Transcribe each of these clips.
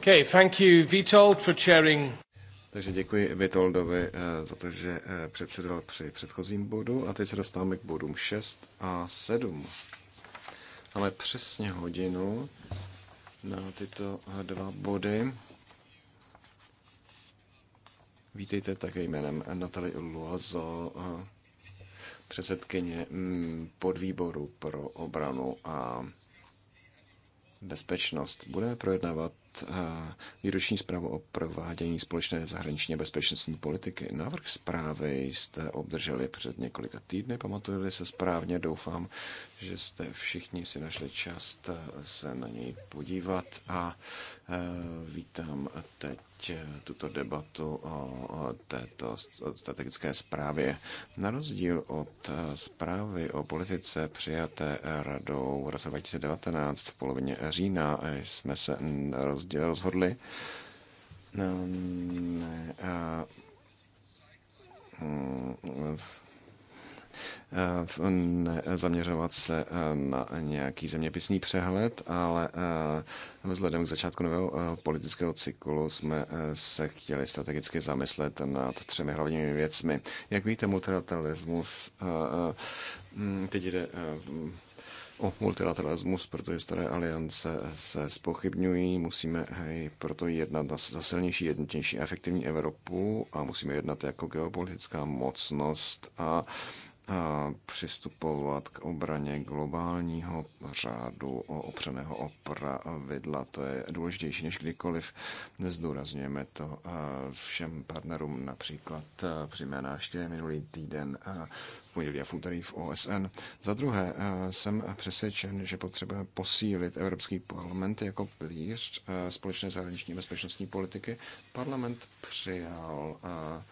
Okay, thank you, Vitold, for chairing. Takže děkuji Vitoldovi eh, za to, že eh, předsedal při předchozím bodu. A teď se dostáváme k bodům 6 a 7. Máme přesně hodinu na tyto eh, dva body. Vítejte také jménem Natalie Luazo, předsedkyně mm, podvýboru pro obranu a bezpečnost. Budeme projednávat Eh, výroční zprávu o provádění společné zahraniční bezpečnostní politiky. Návrh zprávy jste obdrželi před několika týdny, pamatujeli se správně, doufám, že jste všichni si našli čas eh, se na něj podívat a eh, vítám teď tuto debatu o této strategické zprávě. Na rozdíl od zprávy o politice přijaté radou v roce 2019 v polovině října jsme se roz rozhodli, ehm, mm, ne zaměřovat se e, na nějaký zeměpisný přehled, ale e, vzhledem k začátku nového e, politického cyklu jsme se chtěli strategicky zamyslet nad třemi hlavními věcmi. Jak víte, multilateralismus mm, teď jde o multilateralismus, protože staré aliance se spochybňují, musíme hej, proto jednat za silnější, jednotnější a efektivní Evropu a musíme jednat jako geopolitická mocnost a, a přistupovat k obraně globálního řádu opřeného opra vidla, To je důležitější než kdykoliv. Zdůrazňujeme to všem partnerům, například při mé návštěvě minulý týden pondělí a v úterý v OSN. Za druhé eh, jsem přesvědčen, že potřebujeme posílit Evropský parlament jako pilíř eh, společné zahraniční bezpečnostní politiky. Parlament přijal eh,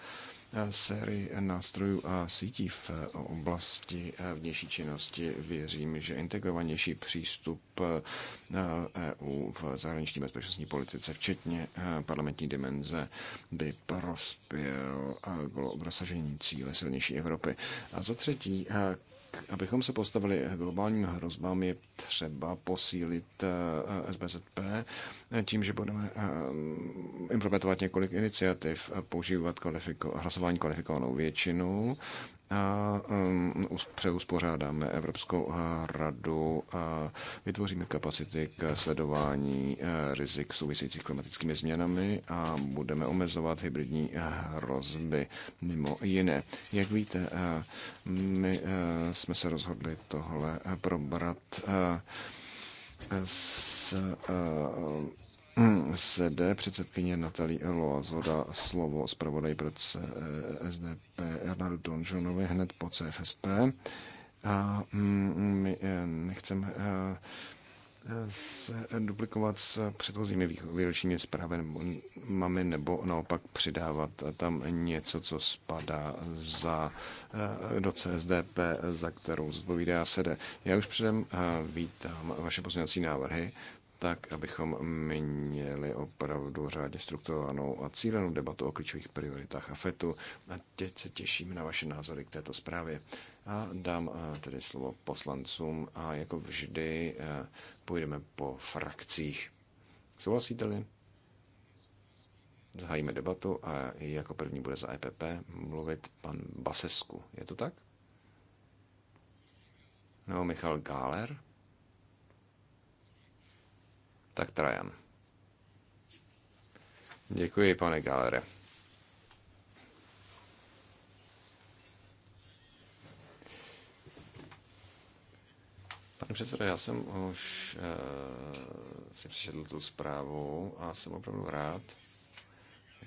Eh, sérii nástrojů a sítí v eh, oblasti eh, vnější činnosti. Věřím, že integrovanější přístup EU v zahraniční bezpečnostní politice, včetně parlamentní dimenze, by prospěl k dosažení cíle silnější Evropy. A za třetí, abychom se postavili globálním hrozbám, je třeba posílit eh, SBZP tím, že budeme eh, implementovat několik iniciativ, používat kvalifiko- hlasování kvalifikovanou většinu, a um, přeuspořádáme Evropskou radu, a vytvoříme kapacity k sledování e, rizik souvisejících klimatickými změnami a budeme omezovat hybridní e, hrozby mimo jiné. Jak víte, e, my jsme se rozhodli tohle probrat s Mm, SD předsedkyně Natalí Loazoda slovo zpravodaj pro eh, SDP Bernardu Donžonovi hned po CFSP. A mm, my eh, nechceme eh, se duplikovat s předchozími výročními zprávami nebo naopak přidávat tam něco, co spadá za, do CSDP, za kterou zodpovídá SEDE. Já už předem vítám vaše pozměňovací návrhy tak abychom měli opravdu řádně strukturovanou a cílenou debatu o klíčových prioritách AFETu. A teď se těším na vaše názory k této zprávě. A dám eh, tedy slovo poslancům a jako vždy eh, půjdeme po frakcích. Souhlasíte-li? Zahájíme debatu a jako první bude za EPP mluvit pan Basesku. Je to tak? No, Michal Gáler tak Trajan. Děkuji, pane Galere. Pane předsedo, já jsem už uh, si přečetl tu zprávu a jsem opravdu rád,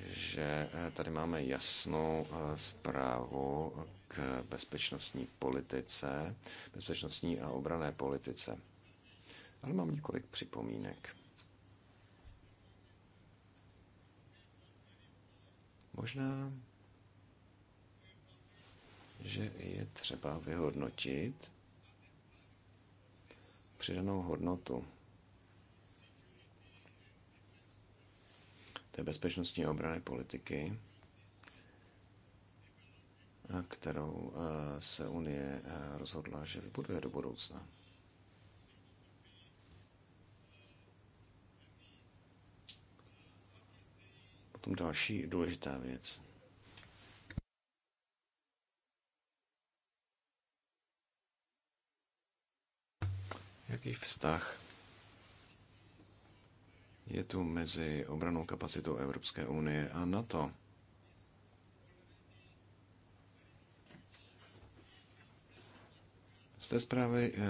že eh, tady máme jasnou eh, zprávu k bezpečnostní politice, bezpečnostní a obrané politice. Ale mám několik připomínek. Možná, že je třeba vyhodnotit přidanou hodnotu té bezpečnostní obrany politiky, kterou eh, se Unie eh, rozhodla, že vybuduje do budoucna. Potom další důležitá věc. Jaký vztah je tu mezi obranou kapacitou Evropské unie a NATO? Z té zprávy eh,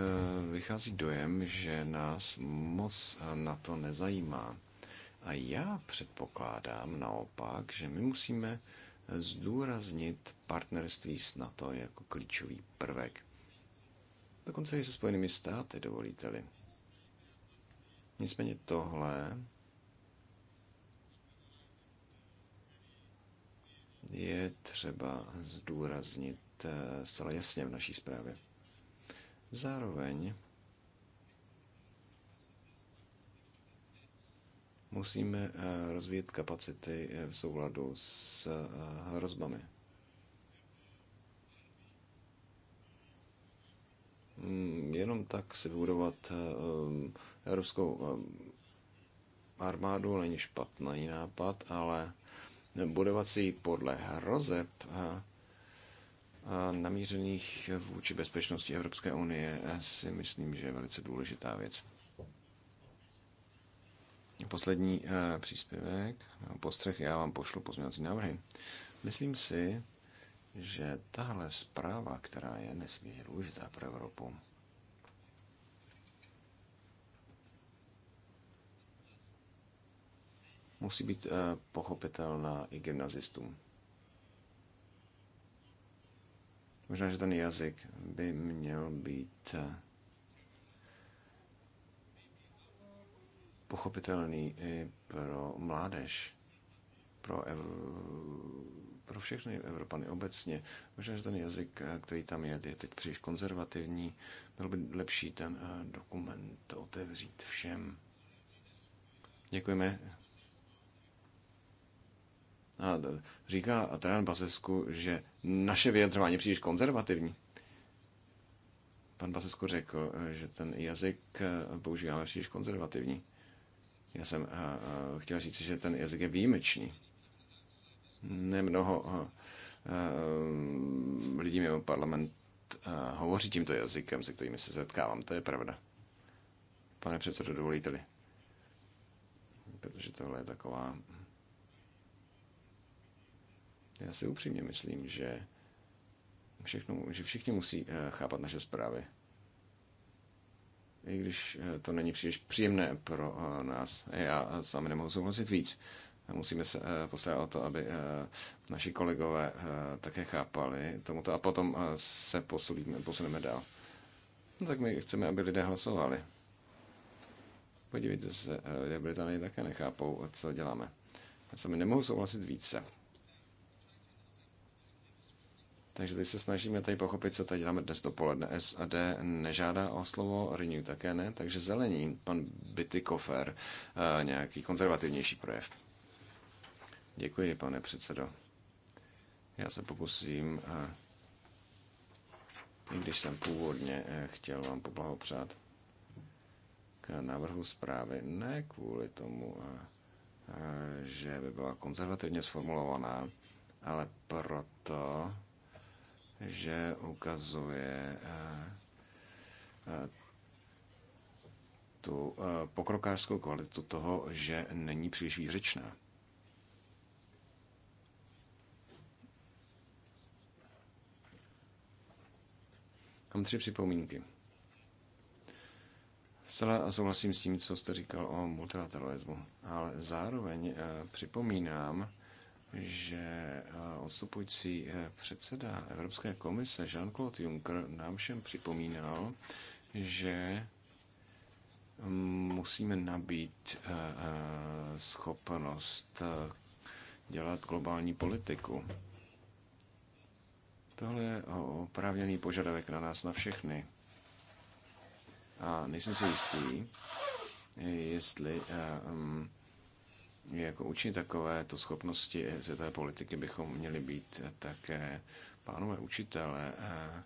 vychází dojem, že nás moc eh, na to nezajímá. A já předpokládám naopak, že my musíme zdůraznit partnerství s NATO jako klíčový prvek. Dokonce i se Spojenými státy, dovolíte-li. Nicméně tohle je třeba zdůraznit eh, zcela jasně v naší zprávě. Zároveň Musíme eh, rozvíjet kapacity eh, v souladu s eh, hrozbami. Mm, jenom tak si budovat evropskou armádu není špatný nápad, ale budovat si ji podle hrozeb namířených vůči bezpečnosti Evropské unie si myslím, že je velice důležitá věc. Poslední eh, příspěvek, postřeh, já vám pošlu pozměňovací návrhy. Myslím si, že tahle zpráva, která je nesmírně důležitá pro Evropu, musí být eh, pochopitelná i gymnazistům. Možná, že ten jazyk by měl být eh, pochopitelný i pro mládež, pro, ev- pro všechny Evropany obecně. Možná, že ten jazyk, eh, který tam je, je teď příliš konzervativní. Bylo by lepší ten eh, dokument otevřít všem. Děkujeme. A říká Trán Basesku, že naše vyjadřování je příliš konzervativní. Pan Basesku řekl, eh, že ten jazyk používáme příliš konzervativní. Já jsem eh, eh, chtěl říct, že ten jazyk je výjimečný. Nemnoho eh, lidí mimo parlament hovoří tímto jazykem, se kterými se setkávám. To je pravda. Pane předsedo, dovolíte-li? Protože tohle je taková... Já si upřímně myslím, že, všechno, že všichni musí chápat naše zprávy i když eh, to není příliš příjemné pro eh, nás. Já sami nemohu souhlasit víc. Musíme se eh, postarat o to, aby naši kolegové také chápali tomuto a potom se posuneme, posuneme dál. No tak my chceme, aby lidé hlasovali. Podívejte se, lidé Británii také nechápou, co děláme. Já sami nemohu souhlasit více. Takže teď se snažíme tady pochopit, co tady děláme dnes dopoledne. SAD nežádá o slovo, Renew také ne, takže zelení, pan Kofer, eh, nějaký konzervativnější projev. Děkuji, pane předsedo. Já se pokusím, eh, i když jsem původně eh, chtěl vám poblahopřát k návrhu zprávy, ne kvůli tomu, že by byla konzervativně sformulovaná, ale proto, že ukazuje eh, eh, tu eh, pokrokářskou kvalitu toho, že není příliš výřečná. Mám tři připomínky. Zcela souhlasím s tím, co jste říkal o multilateralismu, ale zároveň připomínám, že eh, odstupující eh, předseda Evropské komise Jean-Claude Juncker nám všem připomínal, že musíme nabít eh, schopnost dělat globální politiku. Tohle je oprávněný požadavek na nás, na všechny. A nejsem si jistý, jestli um, jako učit takové to schopnosti té politiky bychom měli být také pánové učitele eh,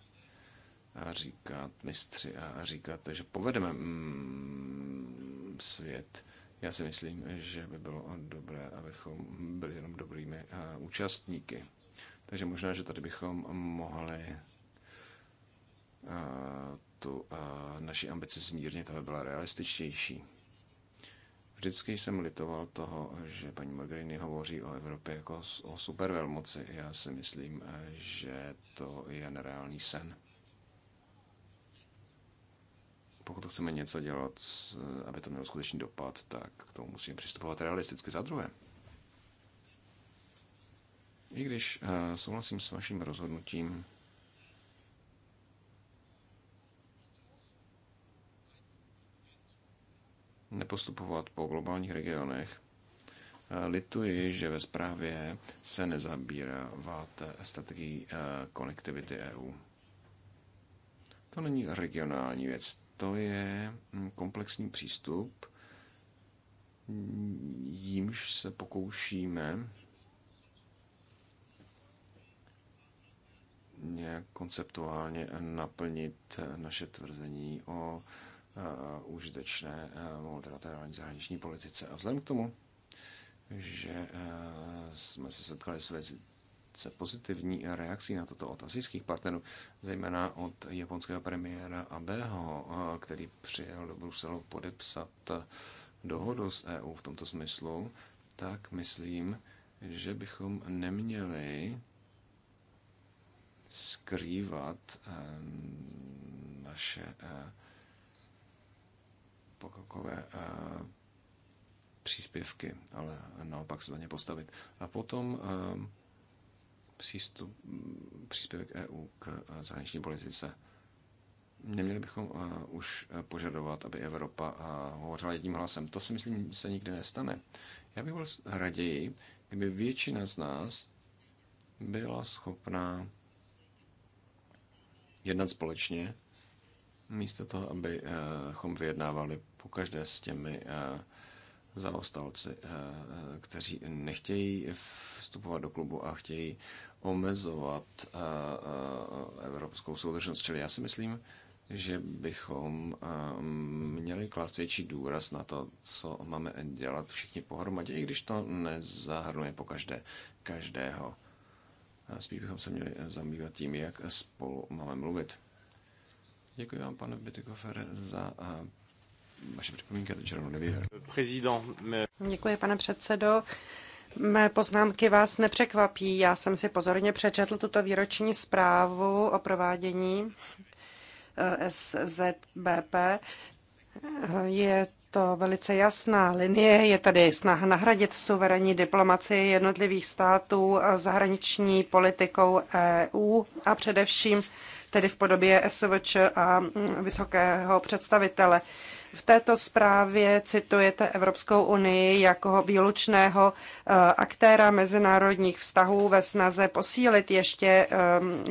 a říkat mistři a říkat, že povedeme mm, svět. Já si myslím, že by bylo dobré, abychom byli jenom dobrými eh, účastníky. Takže možná, že tady bychom mohli eh, tu naši ambici zmírnit, aby byla realističtější. Vždycky jsem litoval toho, že paní Mogherini hovoří o Evropě jako o supervelmoci. Já si myslím, eh, že to je nereálný sen. Pokud chceme něco dělat, eh, aby to mělo skutečný dopad, tak k tomu musíme přistupovat realisticky za druhé. I když eh, souhlasím s vaším rozhodnutím, nepostupovat po globálních regionech. Eh, lituji, že ve zprávě se nezabýváte strategií eh, konektivity EU. To není regionální věc, to je hm, komplexní přístup, jímž se pokoušíme nějak konceptuálně naplnit naše tvrzení o Eh, užitečné eh, multilaterální zahraniční politice. A vzhledem k tomu, že eh, jsme se setkali s velice pozitivní reakcí na toto od asijských partnerů, zejména od japonského premiéra Abeho, který přijel do Bruselu podepsat dohodu s EU v tomto smyslu, tak myslím, že bychom neměli skrývat naše pokrokové eh, příspěvky, ale naopak se za ně postavit. A potom eh, přístup, příspěvek EU k eh, zahraniční politice. Neměli bychom už požadovat, aby Evropa hovořila jedním hlasem. To si myslím se nikdy nestane. Já bych byl raději, kdyby většina z nás byla schopná jednat společně místo toho, abychom vyjednávali pokaždé s těmi eh, zaostalci, eh, kteří nechtějí vstupovat do klubu a chtějí omezovat eh, evropskou soudržnost. Čili já si myslím, že bychom měli klást větší důraz na to, co máme dělat všichni pohromadě, i když to nezahrnuje po každé, každého. Spíš bychom se měli zabývat tím, jak spolu máme mluvit. Děkuji vám, pane Bitekofere, za eh, vaše připomínky. Děkuji, pane předsedo. Mé poznámky vás nepřekvapí. Já jsem si pozorně přečetl tuto výroční zprávu o provádění eh, SZBP. Je to velice jasná linie. Je tady snaha nahradit suverénní diplomaci jednotlivých států zahraniční politikou EU a především tedy v podobě SVČ a mm, vysokého představitele. V této zprávě citujete Evropskou unii jako výlučného eh, aktéra mezinárodních vztahů ve snaze posílit ještě eh,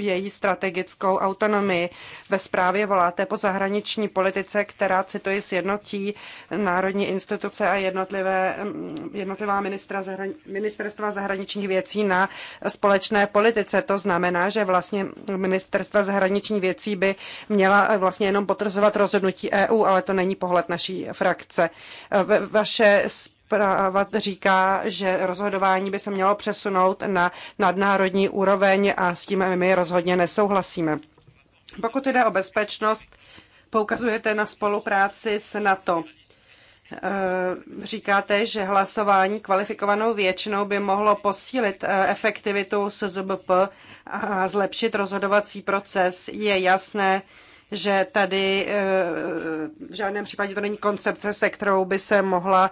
její strategickou autonomii. Ve zprávě voláte po zahraniční politice, která, cituji, sjednotí národní instituce a jednotlivé, mm, jednotlivá ministra zahrani, ministerstva zahraničních věcí na společné politice. To znamená, že vlastně ministerstva zahraničních věcí by měla eh, vlastně jenom potvrzovat rozhodnutí EU, ale to není pohled pohled naší frakce. Eh, vaše zpráva říká, že rozhodování by se mělo přesunout na nadnárodní úroveň a s tím my rozhodně nesouhlasíme. Pokud jde o bezpečnost, poukazujete na spolupráci s NATO. Eh, říkáte, že hlasování kvalifikovanou většinou by mohlo posílit eh, efektivitu SZBP a zlepšit rozhodovací proces. Je jasné, že tady eh, v žádném případě to není koncepce, se kterou by se mohla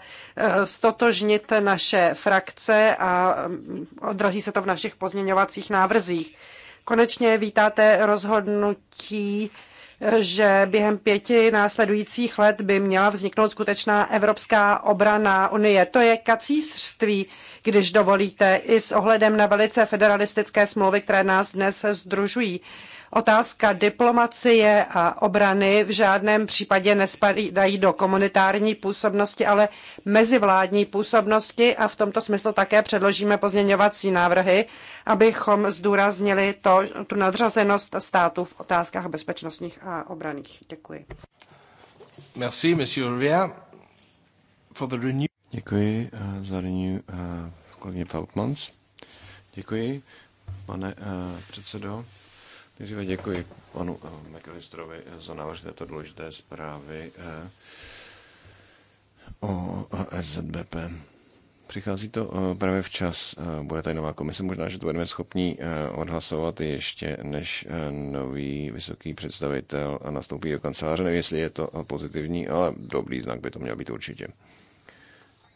stotožnit eh, naše frakce a mm, odrazí se to v našich pozměňovacích návrzích. Konečně vítáte rozhodnutí eh, že během pěti následujících let by měla vzniknout skutečná evropská obrana Unie. To je kacířství, když dovolíte, i s ohledem na velice federalistické smlouvy, které nás dnes združují. Otázka diplomacie a obrany v žádném případě nespadají do komunitární působnosti, ale mezivládní působnosti a v tomto smyslu také předložíme pozměňovací návrhy, abychom zdůraznili to, tu nadřazenost států v otázkách bezpečnostních a obraných. Děkuji. Merci, monsieur for the renew... Děkuji uh, za renew, uh, kolegyně Děkuji, pane uh, předsedo. Nejdříve děkuji panu eh, McAllisterovi eh, za návrh této důležité zprávy eh, o SZBP. Přichází to právě včas, bude tady nová komise, možná, že to budeme schopni odhlasovat ještě, než nový vysoký představitel nastoupí do kanceláře. Nevím, jestli je to pozitivní, ale dobrý znak by to měl být určitě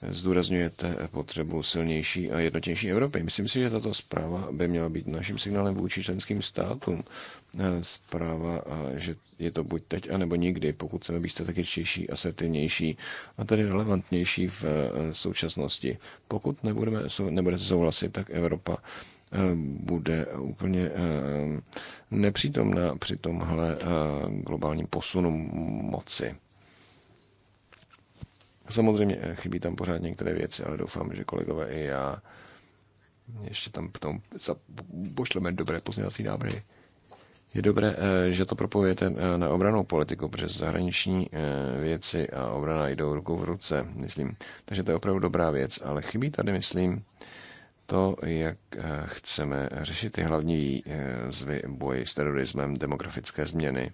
zdůrazňujete potřebu silnější a jednotnější Evropy. Myslím si, že tato zpráva by měla být naším signálem vůči členským státům. Eh, zpráva, že je to buď teď, anebo nikdy, pokud chceme být čtější, asertivnější a tedy relevantnější v eh, současnosti. Pokud nebudeme, nebudete souhlasit, tak Evropa eh, bude úplně nepřítomná při tomhle globálním posunu moci. Samozřejmě eh, chybí tam pořád některé věci, ale doufám, že kolegové i já ještě tam potom pošleme dobré pozměňovací návrhy. Je dobré, eh, že to propojujete eh, na obranou politiku, protože zahraniční věci a obrana jdou ruku v ruce, myslím. Takže to je opravdu dobrá věc, ale chybí tady, myslím, to, jak chceme řešit ty hlavní zvy boji s terorismem, demografické změny,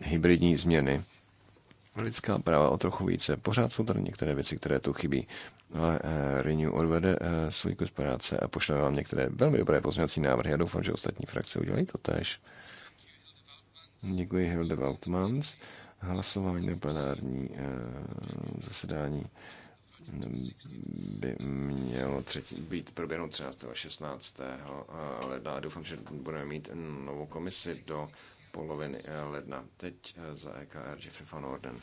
hybridní změny lidská práva o trochu více. Pořád jsou tady některé věci, které tu chybí. Ale eh, Renew odvede eh, svůj kus práce a pošle vám některé velmi dobré pozměňovací návrhy. Já doufám, že ostatní frakce udělají to tež. Děkuji Hilde Waltmans. Hlasování na plenární eh, zasedání by mělo třetí, být proběhnout 13. a 16. ledna. Doufám, že budeme mít novou komisi do poloviny eh, ledna. Teď eh, za EKR Jeffrey van Orden.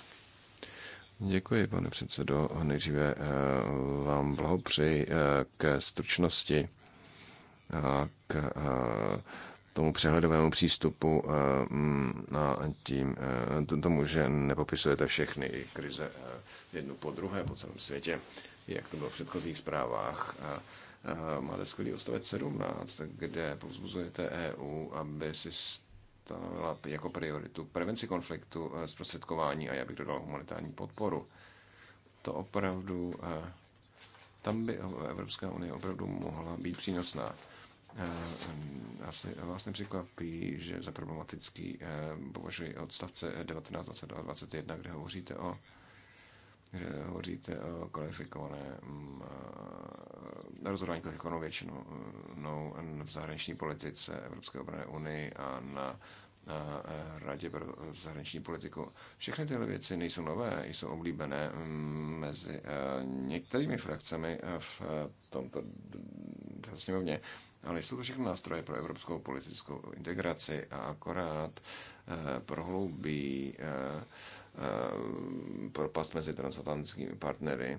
Děkuji, pane předsedo. Nejdříve eh, vám blahopřeji k stručnosti a k tomu přehledovému přístupu a tím tomu, že nepopisujete všechny krize jednu po druhé po celém světě, jak to bylo v předchozích zprávách. Máte skvělý odstavec 17, kde povzbuzujete EU, aby si stanovila jako prioritu prevenci konfliktu, eh, zprostředkování a já bych dodal humanitární podporu. To opravdu, eh, tam by Evropská unie opravdu mohla být přínosná. Asi eh, vás nepřekvapí, že za problematický považuji odstavce 19, 20 21, kde hovoříte o že hovoříte o kvalifikované mm, eh, rozhodování kvalifikovanou většinou eh, v zahraniční politice Evropské obrané unii a na na eh, Radě pro zahraniční politiku. Všechny tyhle věci nejsou nové, jsou oblíbené mm, mezi některými frakcemi v tomto sněmovně, ale jsou to všechno nástroje pro evropskou politickou integraci a akorát prohloubí Eh, propast mezi transatlantskými partnery,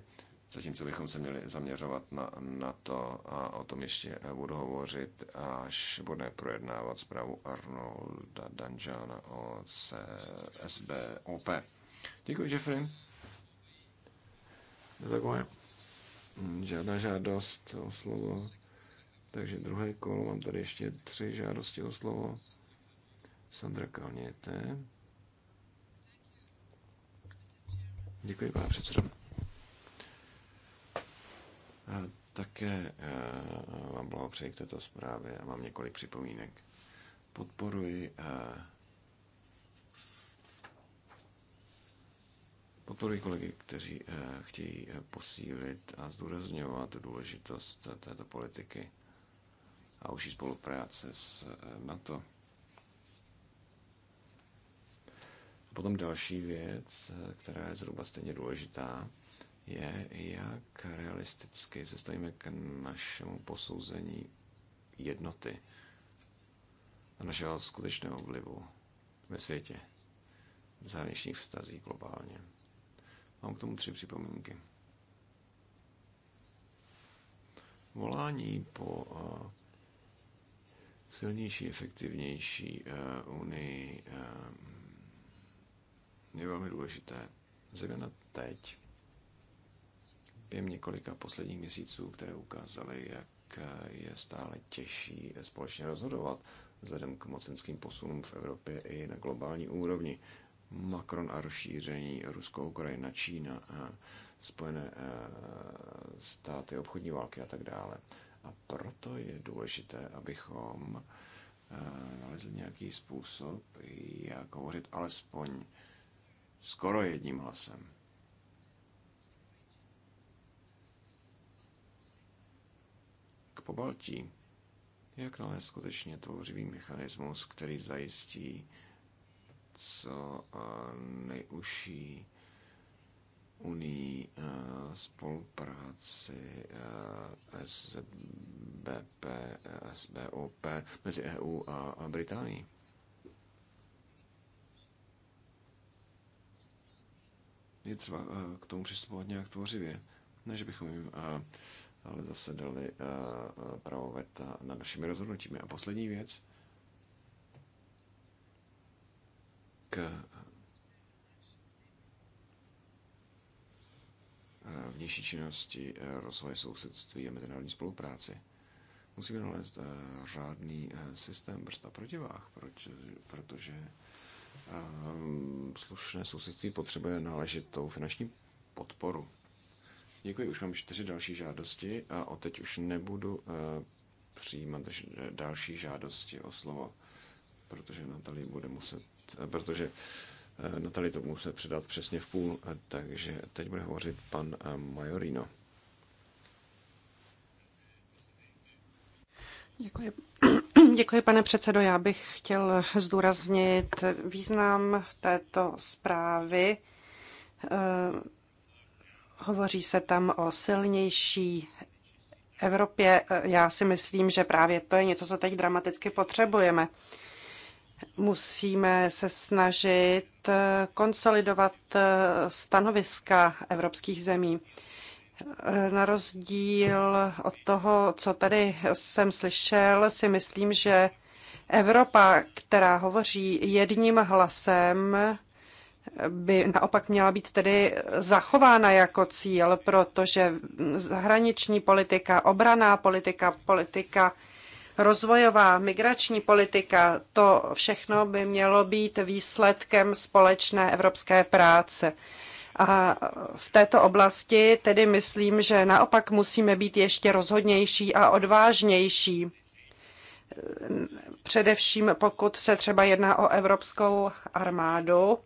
zatímco bychom se měli zaměřovat na, na to a o tom ještě eh, budu hovořit, až budeme projednávat zprávu Arnolda Danjana o CSBOP. Děkuji, Jeffrey. Nezakuje. Hmm, žádná žádost o slovo. Takže druhé kolo, mám tady ještě tři žádosti o slovo. Sandra Kalněte. Děkuji, pane předsedo. Také eh, vám blahopřeji k této zprávě a mám několik připomínek. Podporuji eh, Podporuji kolegy, kteří eh, chtějí posílit a zdůrazňovat důležitost této politiky a užší spolupráce s NATO. Potom další věc, která je zhruba stejně důležitá, je, jak realisticky se stavíme k našemu posouzení jednoty a našeho skutečného vlivu ve světě, v zahraničních vztazí globálně. Mám k tomu tři připomínky. Volání po eh, silnější, efektivnější eh, unii eh, je velmi důležité, zejména teď, během několika posledních měsíců, které ukázaly, jak je stále těžší společně rozhodovat vzhledem k mocenským posunům v Evropě i na globální úrovni. Macron a rozšíření Rusko, Ukrajina, Čína, eh, Spojené eh, státy, obchodní války a tak dále. A proto je důležité, abychom eh, nalezli nějaký způsob, jak hovořit alespoň skoro jedním hlasem. K pobaltí, jak nalézt skutečně tvořivý mechanismus, který zajistí co eh, nejužší unii eh, spolupráci eh, SZBP, SBOP mezi EU a Británií. je třeba eh, k tomu přistupovat nějak tvořivě, než bychom jim eh, ale zase dali eh, právo veta našimi rozhodnutími. A poslední věc k vnější činnosti, rozvoje sousedství a mezinárodní spolupráci. Musíme nalézt řádný systém brzda proti protože protože Ehm, slušné sousedství potřebuje náležitou finanční podporu. Děkuji, už mám čtyři další žádosti a o teď už nebudu uh, přijímat další žádosti o slovo, protože Natali bude muset, eh, protože eh, Natali to muset předat přesně v půl, takže teď bude hovořit pan Majorino. Děkuji, Děkuji, pane předsedo. Já bych chtěl zdůraznit význam této zprávy. Eh, hovoří se tam o silnější Evropě. Eh, já si myslím, že právě to je něco, co teď dramaticky potřebujeme. Musíme se snažit eh, konsolidovat stanoviska evropských zemí. Eh, na rozdíl od toho, co tady jsem slyšel, si myslím, že Evropa, která hovoří jedním hlasem, by naopak měla být tedy zachována jako cíl, protože zahraniční politika, obraná politika, politika rozvojová, migrační politika, to všechno by mělo být výsledkem společné evropské práce. A v této oblasti tedy myslím, že naopak musíme být ještě rozhodnější a odvážnější. Především pokud se třeba jedná o evropskou armádu,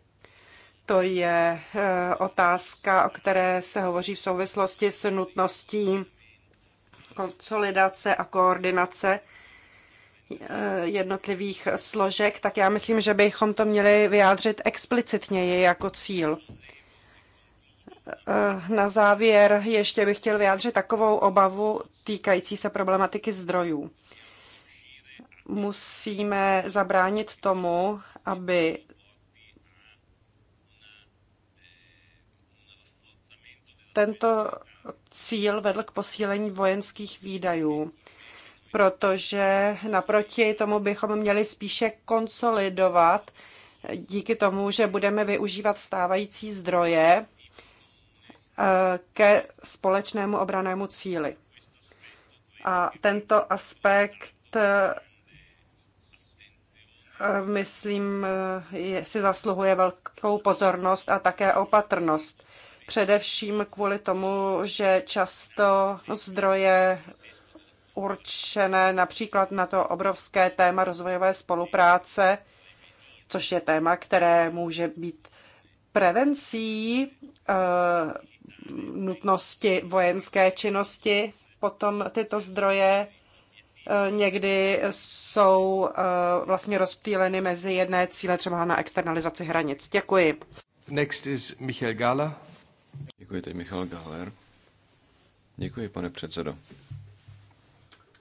to je eh, otázka, o které se hovoří v souvislosti s nutností konsolidace a koordinace eh, jednotlivých složek, tak já myslím, že bychom to měli vyjádřit explicitněji jako cíl na závěr ještě bych chtěl vyjádřit takovou obavu týkající se problematiky zdrojů. Musíme zabránit tomu, aby tento cíl vedl k posílení vojenských výdajů, protože naproti tomu bychom měli spíše konsolidovat díky tomu, že budeme využívat stávající zdroje Eh, ke společnému obranému cíli. A tento aspekt, eh, myslím, eh, si zasluhuje velkou pozornost a také opatrnost. Především kvůli tomu, že často zdroje určené například na to obrovské téma rozvojové spolupráce, což je téma, které může být prevencí nutnosti vojenské činnosti. Potom tyto zdroje eh, někdy jsou eh, vlastně rozptýleny mezi jedné cíle, třeba na externalizaci hranic. Děkuji. Next is Michal Gala. Děkuji, teď Michal Galer. Děkuji, pane předsedo.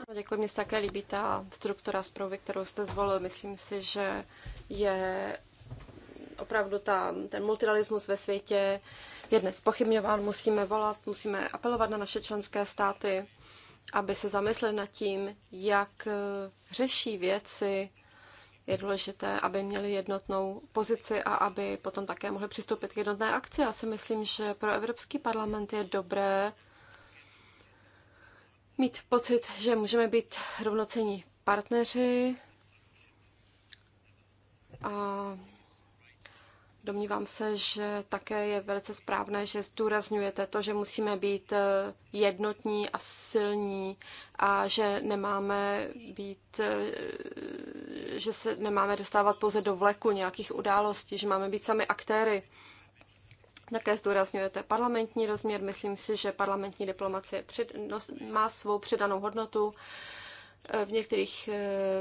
Ano, děkuji, mně se také líbí ta struktura zprávy, kterou jste zvolil. Myslím si, že je opravdu ta, ten multilateralismus ve světě je dnes pochybňován. Musíme volat, musíme apelovat na naše členské státy, aby se zamysleli nad tím, jak eh, řeší věci. Je důležité, aby měli jednotnou pozici a aby potom také mohli přistoupit k jednotné akci. Já si myslím, že pro Evropský parlament je dobré mít pocit, že můžeme být rovnocení partneři a Domnívám se, že také je velice správné, že zdůrazňujete to, že musíme být eh, jednotní a silní a že nemáme být, eh, že se nemáme dostávat pouze do vleku nějakých událostí, že máme být sami aktéry. Také zdůrazňujete parlamentní rozměr. Myslím si, že parlamentní diplomacie má svou přidanou hodnotu. Eh, v některých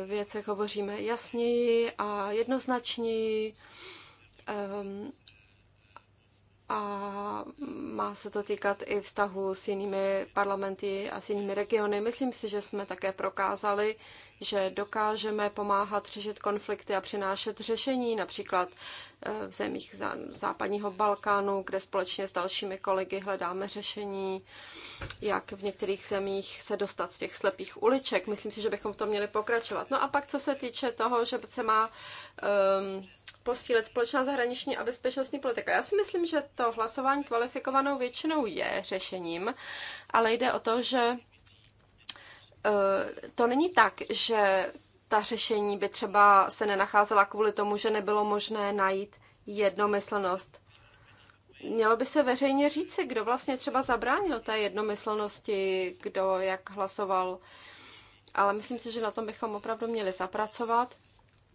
věcech hovoříme jasněji a jednoznačněji. Ehm, a má se to týkat i vztahu s jinými parlamenty a s jinými regiony. Myslím si, že jsme také prokázali, že dokážeme pomáhat řešit konflikty a přinášet řešení, například eh, v zemích západního Balkánu, kde společně s dalšími kolegy hledáme řešení, jak v některých zemích se dostat z těch slepých uliček. Myslím si, že bychom v tom měli pokračovat. No a pak, co se týče toho, že se má um, posílit společná zahraniční a bezpečnostní politika. Já si myslím, že to hlasování kvalifikovanou většinou je řešením, ale jde o to, že eh, to není tak, že ta řešení by třeba se nenacházela kvůli tomu, že nebylo možné najít jednomyslnost. Mělo by se veřejně říci, kdo vlastně třeba zabránil té jednomyslnosti, kdo jak hlasoval. Ale myslím si, že na tom bychom opravdu měli zapracovat.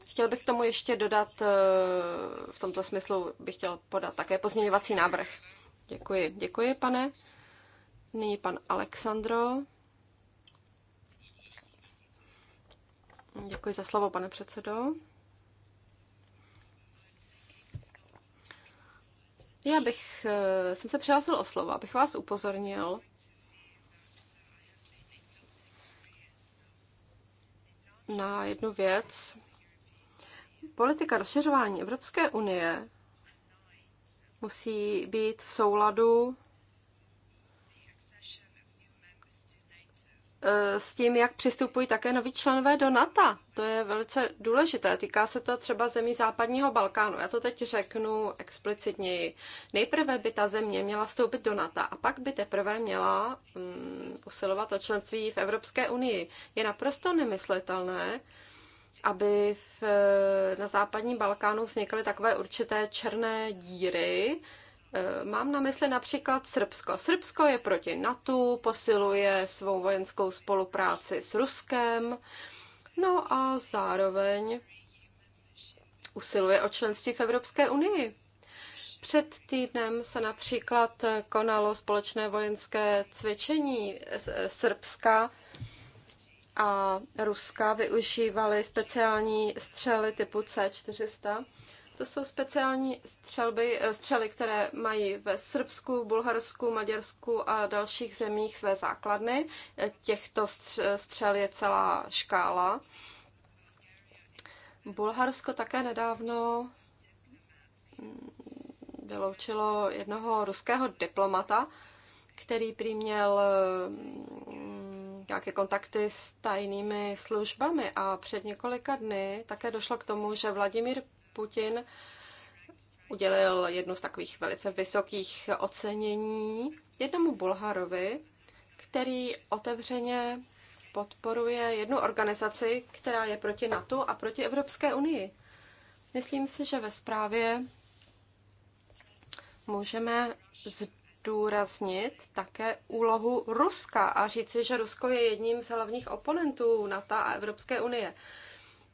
Chtěl bych k tomu ještě dodat, eh, v tomto smyslu bych chtěl podat také pozměňovací návrh. Děkuji, děkuji, pane. Nyní pan Alexandro. Děkuji za slovo, pane předsedo. Já bych, eh, jsem se přihlásil o slovo, abych vás upozornil, na jednu věc, politika rozšiřování Evropské unie musí být v souladu eh, s tím, jak přistupují také noví členové do NATO. To je velice důležité. Týká se to třeba zemí západního Balkánu. Já to teď řeknu explicitněji. Nejprve by ta země měla vstoupit do NATO a pak by teprve měla um, usilovat o členství v Evropské unii. Je naprosto nemyslitelné, aby v, eh, na západním Balkánu vznikaly takové určité černé díry. Eh, mám na mysli například Srbsko. Srbsko je proti NATO, posiluje svou vojenskou spolupráci s Ruskem, no a zároveň usiluje o členství v Evropské unii. Před týdnem se například konalo společné vojenské cvičení eh, Srbska a Ruska využívali speciální střely typu C400. To jsou speciální střelby, eh, střely, které mají ve Srbsku, Bulharsku, Maďarsku a dalších zemích své základny. Eh, těchto střel je celá škála. Bulharsko také nedávno mm, vyloučilo jednoho ruského diplomata, který prý měl mm, nějaké kontakty s tajnými službami a před několika dny také došlo k tomu, že Vladimír Putin udělil jednu z takových velice vysokých ocenění jednomu Bulharovi, který otevřeně podporuje jednu organizaci, která je proti NATO a proti Evropské unii. Myslím si, že ve zprávě můžeme zdůraznit také úlohu Ruska a říci, že Rusko je jedním z hlavních oponentů NATO a Evropské unie.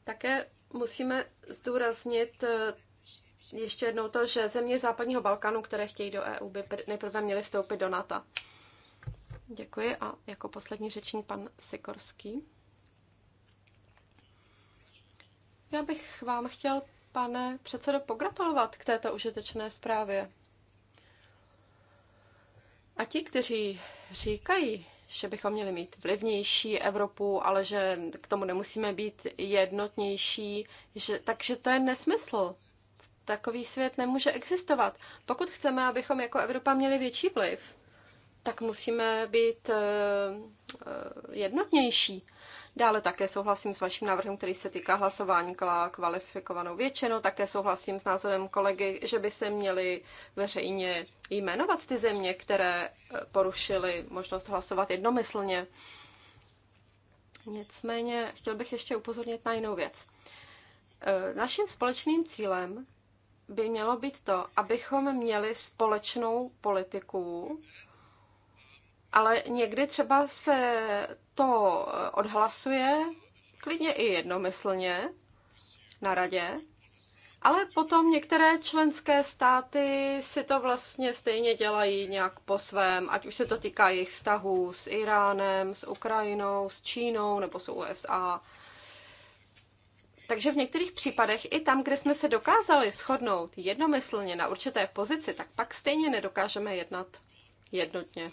Také musíme zdůraznit eh, ještě jednou to, že země západního Balkánu, které chtějí do EU, by nejprve měly vstoupit do NATO. Děkuji a jako poslední řečník pan Sikorský. Já bych vám chtěl, pane předsedo, pogratulovat k této užitečné zprávě. A ti, kteří říkají, že bychom měli mít vlivnější Evropu, ale že k tomu nemusíme být jednotnější, že, takže to je nesmysl. Takový svět nemůže existovat. Pokud chceme, abychom jako Evropa měli větší vliv, tak musíme být eh, eh, jednotnější. Dále také souhlasím s vaším návrhem, který se týká hlasování kvalifikovanou většinou. Také souhlasím s názorem kolegy, že by se měly veřejně jmenovat ty země, které eh, porušily možnost hlasovat jednomyslně. Nicméně chtěl bych ještě upozornit na jinou věc. Naším společným cílem by mělo být to, abychom měli společnou politiku ale někdy třeba se to eh, odhlasuje klidně i jednomyslně na radě, ale potom některé členské státy si to vlastně stejně dělají nějak po svém, ať už se to týká jejich vztahů s Iránem, s Ukrajinou, s Čínou nebo s USA. Takže v některých případech i tam, kde jsme se dokázali shodnout jednomyslně na určité pozici, tak pak stejně nedokážeme jednat jednotně.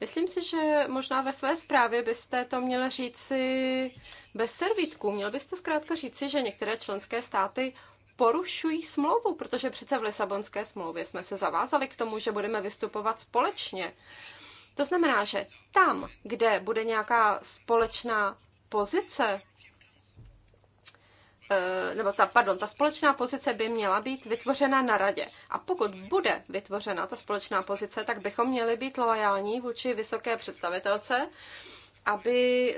Myslím si, že možná ve své zprávě byste to měl říci bez servítku. Měl byste zkrátka říci, že některé členské státy porušují smlouvu, protože přece v Lisabonské smlouvě jsme se zavázali k tomu, že budeme vystupovat společně. To znamená, že tam, kde bude nějaká společná pozice, Eh, nebo ta, pardon, ta společná pozice by měla být vytvořena na radě. A pokud bude vytvořena ta společná pozice, tak bychom měli být loajální vůči vysoké představitelce, aby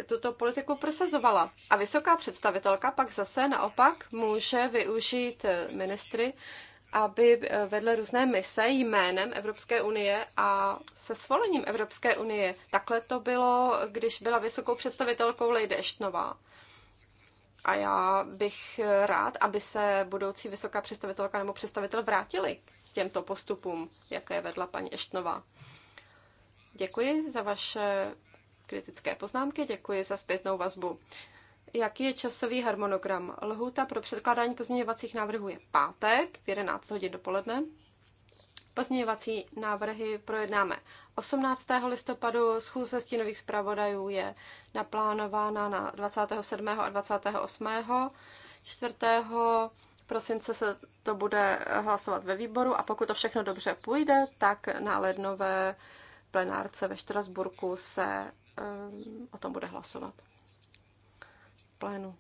tuto politiku prosazovala. A vysoká představitelka pak zase naopak může využít eh, ministry, aby eh, vedle různé mise jménem Evropské unie a se svolením Evropské unie. Takhle to bylo, když byla vysokou představitelkou Lady Eštnová. A já bych eh, rád, aby se budoucí vysoká představitelka nebo představitel vrátili k těmto postupům, jaké vedla paní Eštnova. Děkuji za vaše kritické poznámky, děkuji za zpětnou vazbu. Jaký je časový harmonogram? Lhůta pro předkládání pozměňovacích návrhů je pátek v 11 hodin dopoledne. Pozměňovací návrhy projednáme 18. listopadu. Schůze stínových zpravodajů je naplánována na 27. a 28. 4. prosince se to bude hlasovat ve výboru a pokud to všechno dobře půjde, tak na lednové plenárce ve Štrasburku se um, o tom bude hlasovat. Plénu.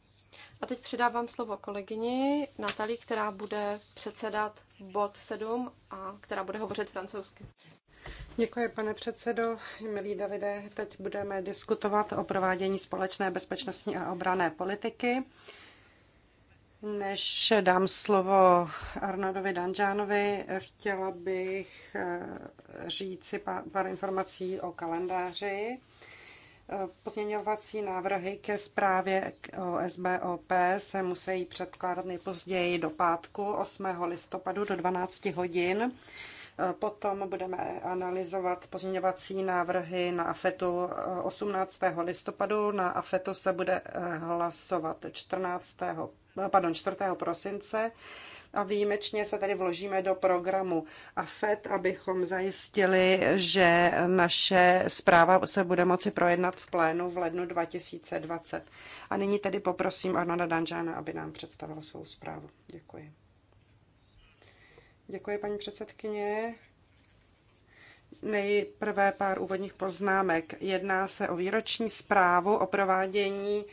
A teď přidávám slovo kolegyni Natalí, která bude předsedat bod 7, a která bude hovořit francouzsky. Děkuji, pane předsedo. Milí Davide, teď budeme diskutovat o provádění společné bezpečnostní a obrané politiky. Než dám slovo Arnoldovi Danžánovi, chtěla bych eh, říci pár informací o kalendáři. Pozměňovací návrhy ke zprávě o SBOP se musí předkládat nejpozději do pátku 8. listopadu do 12 hodin. Potom budeme analyzovat pozměňovací návrhy na AFETu 18. listopadu. Na AFETu se bude hlasovat 14. Pardon, 4. prosince a výjimečně se tady vložíme do programu AFET, abychom zajistili, že naše zpráva se bude moci projednat v plénu v lednu 2020. A nyní tedy poprosím Arnoda Danžána, aby nám představil svou zprávu. Děkuji. Děkuji, paní předsedkyně. Nejprve pár úvodních poznámek. Jedná se o výroční zprávu o provádění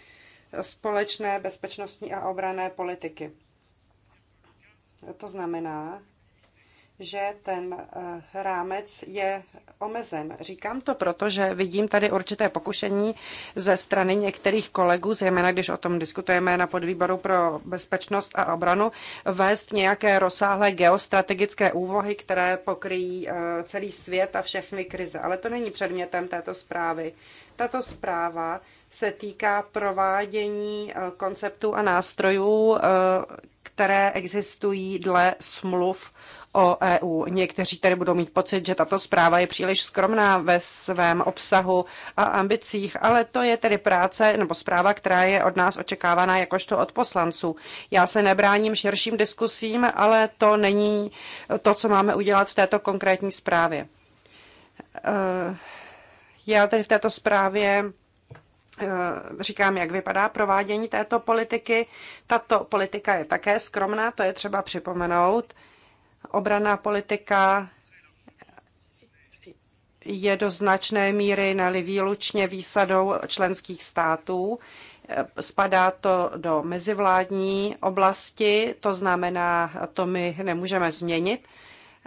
společné bezpečnostní a obrané politiky. To znamená, že ten eh, rámec je omezen. Říkám to proto, že vidím tady určité pokušení ze strany některých kolegů, zejména když o tom diskutujeme na podvýboru pro bezpečnost a obranu, vést nějaké rozsáhlé geostrategické úvahy, které pokryjí eh, celý svět a všechny krize. Ale to není předmětem této zprávy. Tato zpráva se týká provádění eh, konceptů a nástrojů, které existují dle smluv o EU. Někteří tady budou mít pocit, že tato zpráva je příliš skromná ve svém obsahu a ambicích, ale to je tedy práce nebo zpráva, která je od nás očekávána jakožto od poslanců. Já se nebráním širším diskusím, ale to není to, co máme udělat v této konkrétní zprávě. Eh, já tedy v této zprávě Eh, říkám, jak vypadá provádění této politiky. Tato politika je také skromná, to je třeba připomenout. Obraná politika je do značné míry nali výlučně výsadou členských států. Eh, spadá to do mezivládní oblasti, to znamená, to my nemůžeme změnit,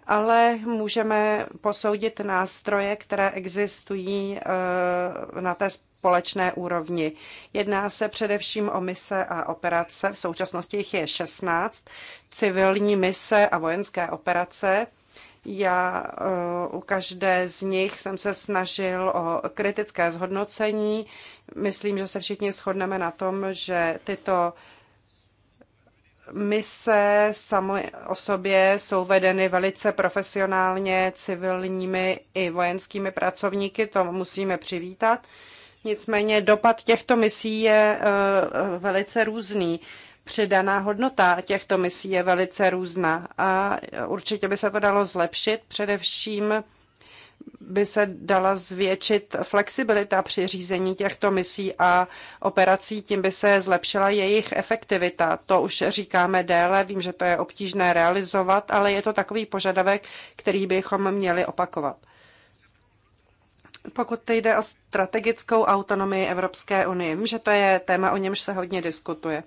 ale můžeme posoudit nástroje, které existují eh, na té společné úrovni. Jedná se především o mise a operace, v současnosti jich je 16, civilní mise a vojenské operace. Já eh, u každé z nich jsem se snažil o kritické zhodnocení. Myslím, že se všichni shodneme na tom, že tyto mise samo o sobě jsou vedeny velice profesionálně civilními i vojenskými pracovníky, to musíme přivítat. Nicméně dopad těchto misí je eh, velice různý. Přidaná hodnota těchto misí je velice různá a určitě by se to dalo zlepšit, především by se dala zvětšit flexibilita při řízení těchto misí a operací, tím by se zlepšila jejich efektivita. To už říkáme déle, vím, že to je obtížné realizovat, ale je to takový požadavek, který bychom měli opakovat pokud jde o strategickou autonomii Evropské unie, vím, že to je téma, o němž se hodně diskutuje.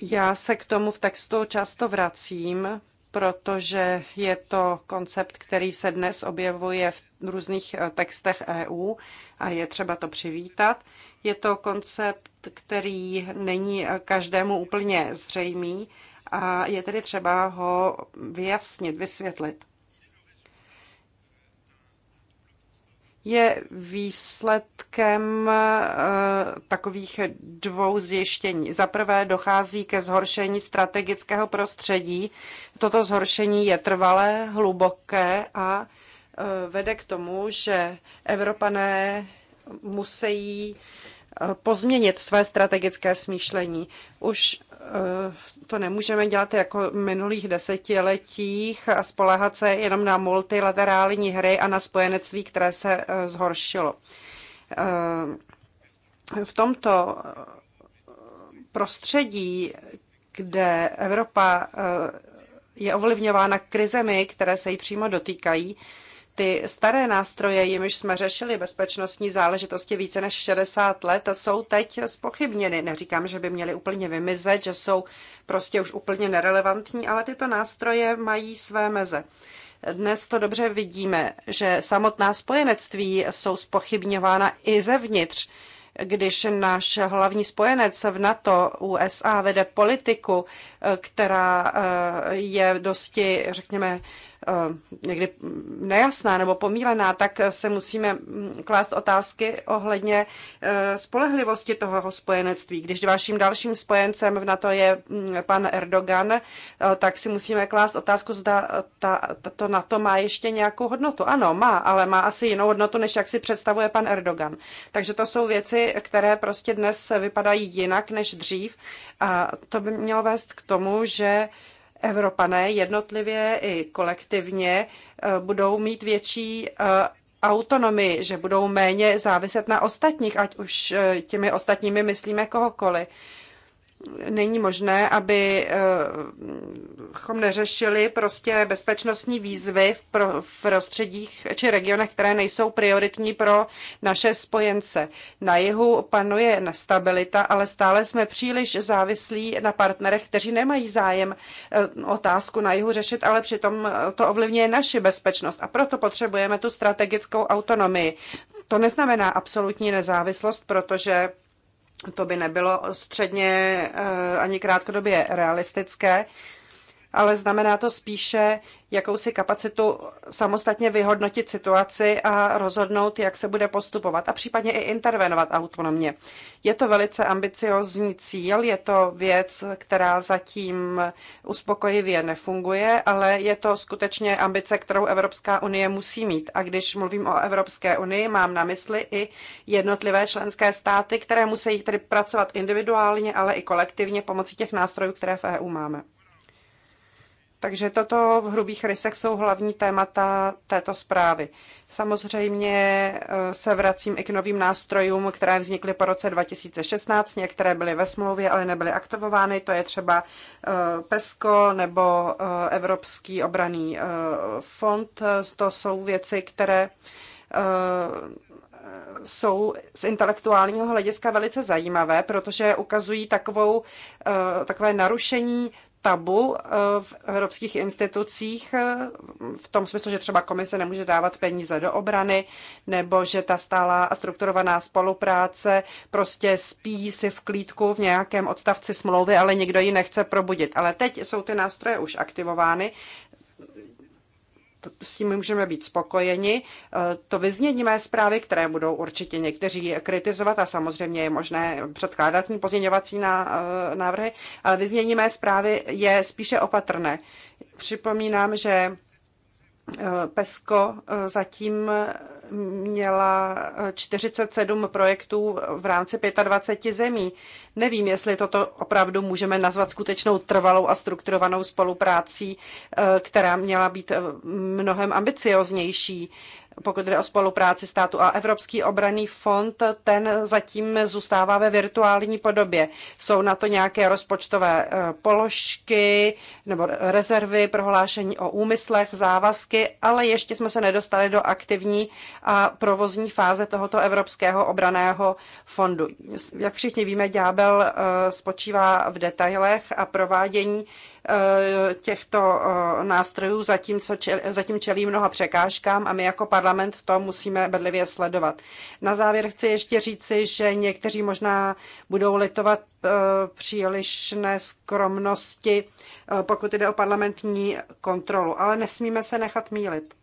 Já se k tomu v textu často vracím, protože je to koncept, který se dnes objevuje v různých eh, textech EU a je třeba to přivítat. Je to koncept, který není eh, každému úplně zřejmý a je tedy třeba ho vyjasnit, vysvětlit. je výsledkem eh, takových dvou zjištění. Za prvé dochází ke zhoršení strategického prostředí. Toto zhoršení je trvalé, hluboké a eh, vede k tomu, že Evropané musí eh, pozměnit své strategické smýšlení. Už to nemůžeme dělat jako v minulých desetiletích a spolehat se jenom na multilaterální hry a na spojenectví, které se eh, zhoršilo. Eh, v tomto eh, prostředí, kde Evropa je ovlivňována krizemi, které se jí přímo dotýkají, ty staré nástroje, jimiž jsme řešili bezpečnostní záležitosti více než 60 let, jsou teď spochybněny. Neříkám, že by měly úplně vymizet, že jsou prostě už úplně nerelevantní, ale tyto nástroje mají své meze. Dnes to dobře vidíme, že samotná spojenectví jsou spochybňována i zevnitř. Když náš hlavní spojenec v NATO, USA, vede politiku, eh, která eh, je dosti, řekněme, Eh, někdy nejasná nebo pomílená, tak se musíme klást otázky ohledně eh, spolehlivosti toho spojenectví. Když vaším dalším spojencem v NATO je mm, pan Erdogan, eh, tak si musíme klást otázku, zda ta, to NATO má ještě nějakou hodnotu. Ano, má, ale má asi jinou hodnotu, než jak si představuje pan Erdogan. Takže to jsou věci, které prostě dnes vypadají jinak než dřív a to by mělo vést k tomu, že Evropané jednotlivě i kolektivně eh, budou mít větší eh, autonomii, že budou méně záviset na ostatních, ať už eh, těmi ostatními myslíme kohokoliv není možné, abychom eh, neřešili prostě bezpečnostní výzvy v, v prostředích či regionech, které nejsou prioritní pro naše spojence. Na jihu panuje nestabilita, ale stále jsme příliš závislí na partnerech, kteří nemají zájem eh, otázku na jihu řešit, ale přitom eh, to ovlivňuje naši bezpečnost a proto potřebujeme tu strategickou autonomii. To neznamená absolutní nezávislost, protože to by nebylo středně eh, ani krátkodobě realistické ale znamená to spíše jakousi kapacitu samostatně vyhodnotit situaci a rozhodnout, jak se bude postupovat a případně i intervenovat autonomně. Je to velice ambiciozní cíl, je to věc, která zatím uspokojivě nefunguje, ale je to skutečně ambice, kterou Evropská unie musí mít. A když mluvím o Evropské unii, mám na mysli i jednotlivé členské státy, které musí tedy pracovat individuálně, ale i kolektivně pomocí těch nástrojů, které v EU máme. Takže toto v hrubých rysech jsou hlavní témata této zprávy. Samozřejmě eh, se vracím i k novým nástrojům, které vznikly po roce 2016, některé byly ve smlouvě, ale nebyly aktivovány, to je třeba eh, PESCO nebo eh, Evropský obraný fond. To jsou věci, které jsou z intelektuálního hlediska velice zajímavé, protože ukazují takovou, takové narušení tabu eh, v evropských institucích eh, v tom smyslu, že třeba komise nemůže dávat peníze do obrany, nebo že ta stálá a strukturovaná spolupráce prostě spí si v klídku v nějakém odstavci smlouvy, ale nikdo ji nechce probudit. Ale teď jsou ty nástroje už aktivovány s tím můžeme být spokojeni. E, to vyznění mé zprávy, které budou určitě někteří kritizovat a samozřejmě je možné předkládat pozměňovací e, návrhy, ale vyznění mé zprávy je spíše opatrné. Připomínám, že Eh, PESCO eh, zatím měla 47 eh, projektů v rámci 25 zemí. Nevím, jestli toto opravdu můžeme nazvat skutečnou trvalou a strukturovanou spoluprácí, která měla být mnohem ambicioznější pokud jde o spolupráci státu a Evropský obraný fond, ten zatím zůstává ve virtuální podobě. Jsou na to nějaké rozpočtové eh, položky nebo rezervy, prohlášení o úmyslech, závazky, ale ještě jsme se nedostali do aktivní a provozní fáze tohoto Evropského obraného fondu. Jak všichni víme, ďábel eh, spočívá v detailech a provádění Eh, těchto eh, nástrojů, zatímco čel, zatím čelí mnoha překážkám a my jako parlament to musíme bedlivě sledovat. Na závěr chci ještě říci, že někteří možná budou litovat eh, přílišné skromnosti, pokud jde o parlamentní kontrolu, ale nesmíme se nechat mílit.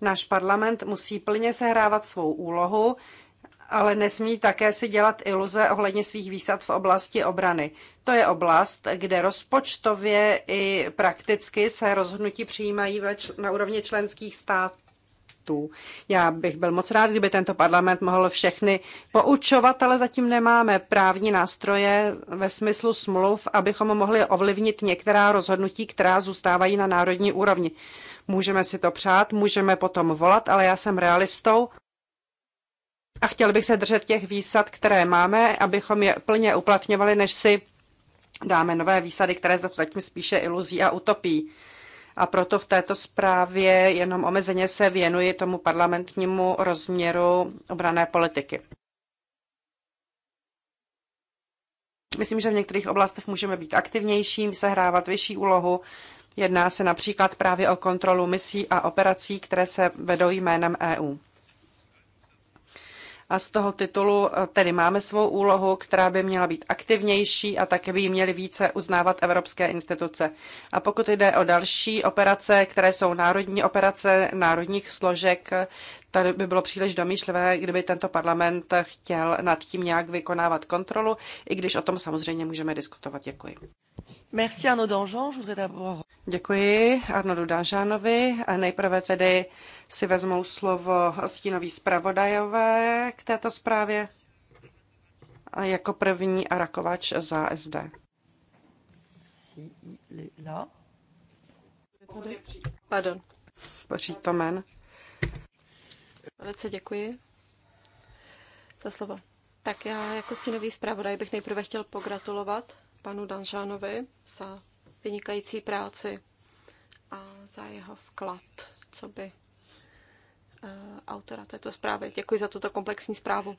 Náš parlament musí plně sehrávat svou úlohu, ale nesmí také si dělat iluze ohledně svých výsad v oblasti obrany. To je oblast, kde rozpočtově i prakticky se rozhodnutí přijímají na úrovni členských států. Já bych byl moc rád, kdyby tento parlament mohl všechny poučovat, ale zatím nemáme právní nástroje ve smyslu smluv, abychom mohli ovlivnit některá rozhodnutí, která zůstávají na národní úrovni. Můžeme si to přát, můžeme potom volat, ale já jsem realistou a chtěl bych se držet těch výsad, které máme, abychom je plně uplatňovali, než si dáme nové výsady, které jsou zatím spíše iluzí a utopí. A proto v této zprávě jenom omezeně se věnuji tomu parlamentnímu rozměru obrané politiky. Myslím, že v některých oblastech můžeme být aktivnější, sehrávat vyšší úlohu. Jedná se například právě o kontrolu misí a operací, které se vedou jménem EU a z toho titulu eh, tedy máme svou úlohu, která by měla být aktivnější a také by ji měly více uznávat evropské instituce. A pokud jde o další operace, které jsou národní operace národních složek, tady by bylo příliš domýšlivé, kdyby tento parlament chtěl nad tím nějak vykonávat kontrolu, i když o tom samozřejmě můžeme diskutovat. Děkuji. Merci Arnaud Danjean, je voudrais d'abord... Děkuji Arnoldu Danžánovi. Nejprve tedy si vezmou slovo stínoví zpravodajové k této zprávě. A jako první Arakovač za SD. Pardon. Přítomen. Velice děkuji za slovo. Tak já jako stínový zpravodaj bych nejprve chtěl pogratulovat panu Danžánovi za vynikající práci a za jeho vklad, co by eh, autora této zprávy. Děkuji za tuto komplexní zprávu.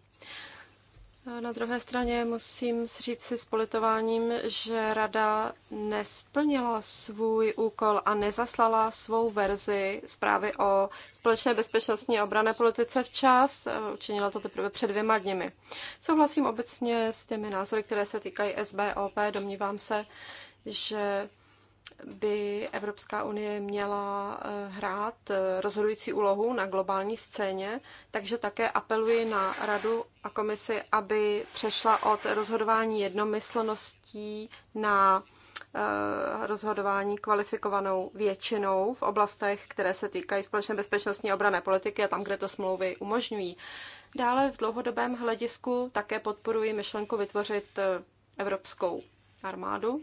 Na druhé straně musím říct si s politováním, že rada nesplnila svůj úkol a nezaslala svou verzi zprávy o společné bezpečnostní a obrané politice včas. Učinila to teprve před dvěma dněmi. Souhlasím obecně s těmi názory, které se týkají SBOP. Domnívám se, že by Evropská unie měla eh, hrát eh, rozhodující úlohu na globální scéně, takže také apeluji na Radu a komisi, aby přešla od rozhodování jednomyslností na eh, rozhodování kvalifikovanou většinou v oblastech, které se týkají společné bezpečnostní obrané politiky a tam, kde to smlouvy umožňují. Dále v dlouhodobém hledisku také podporuji myšlenku vytvořit evropskou armádu,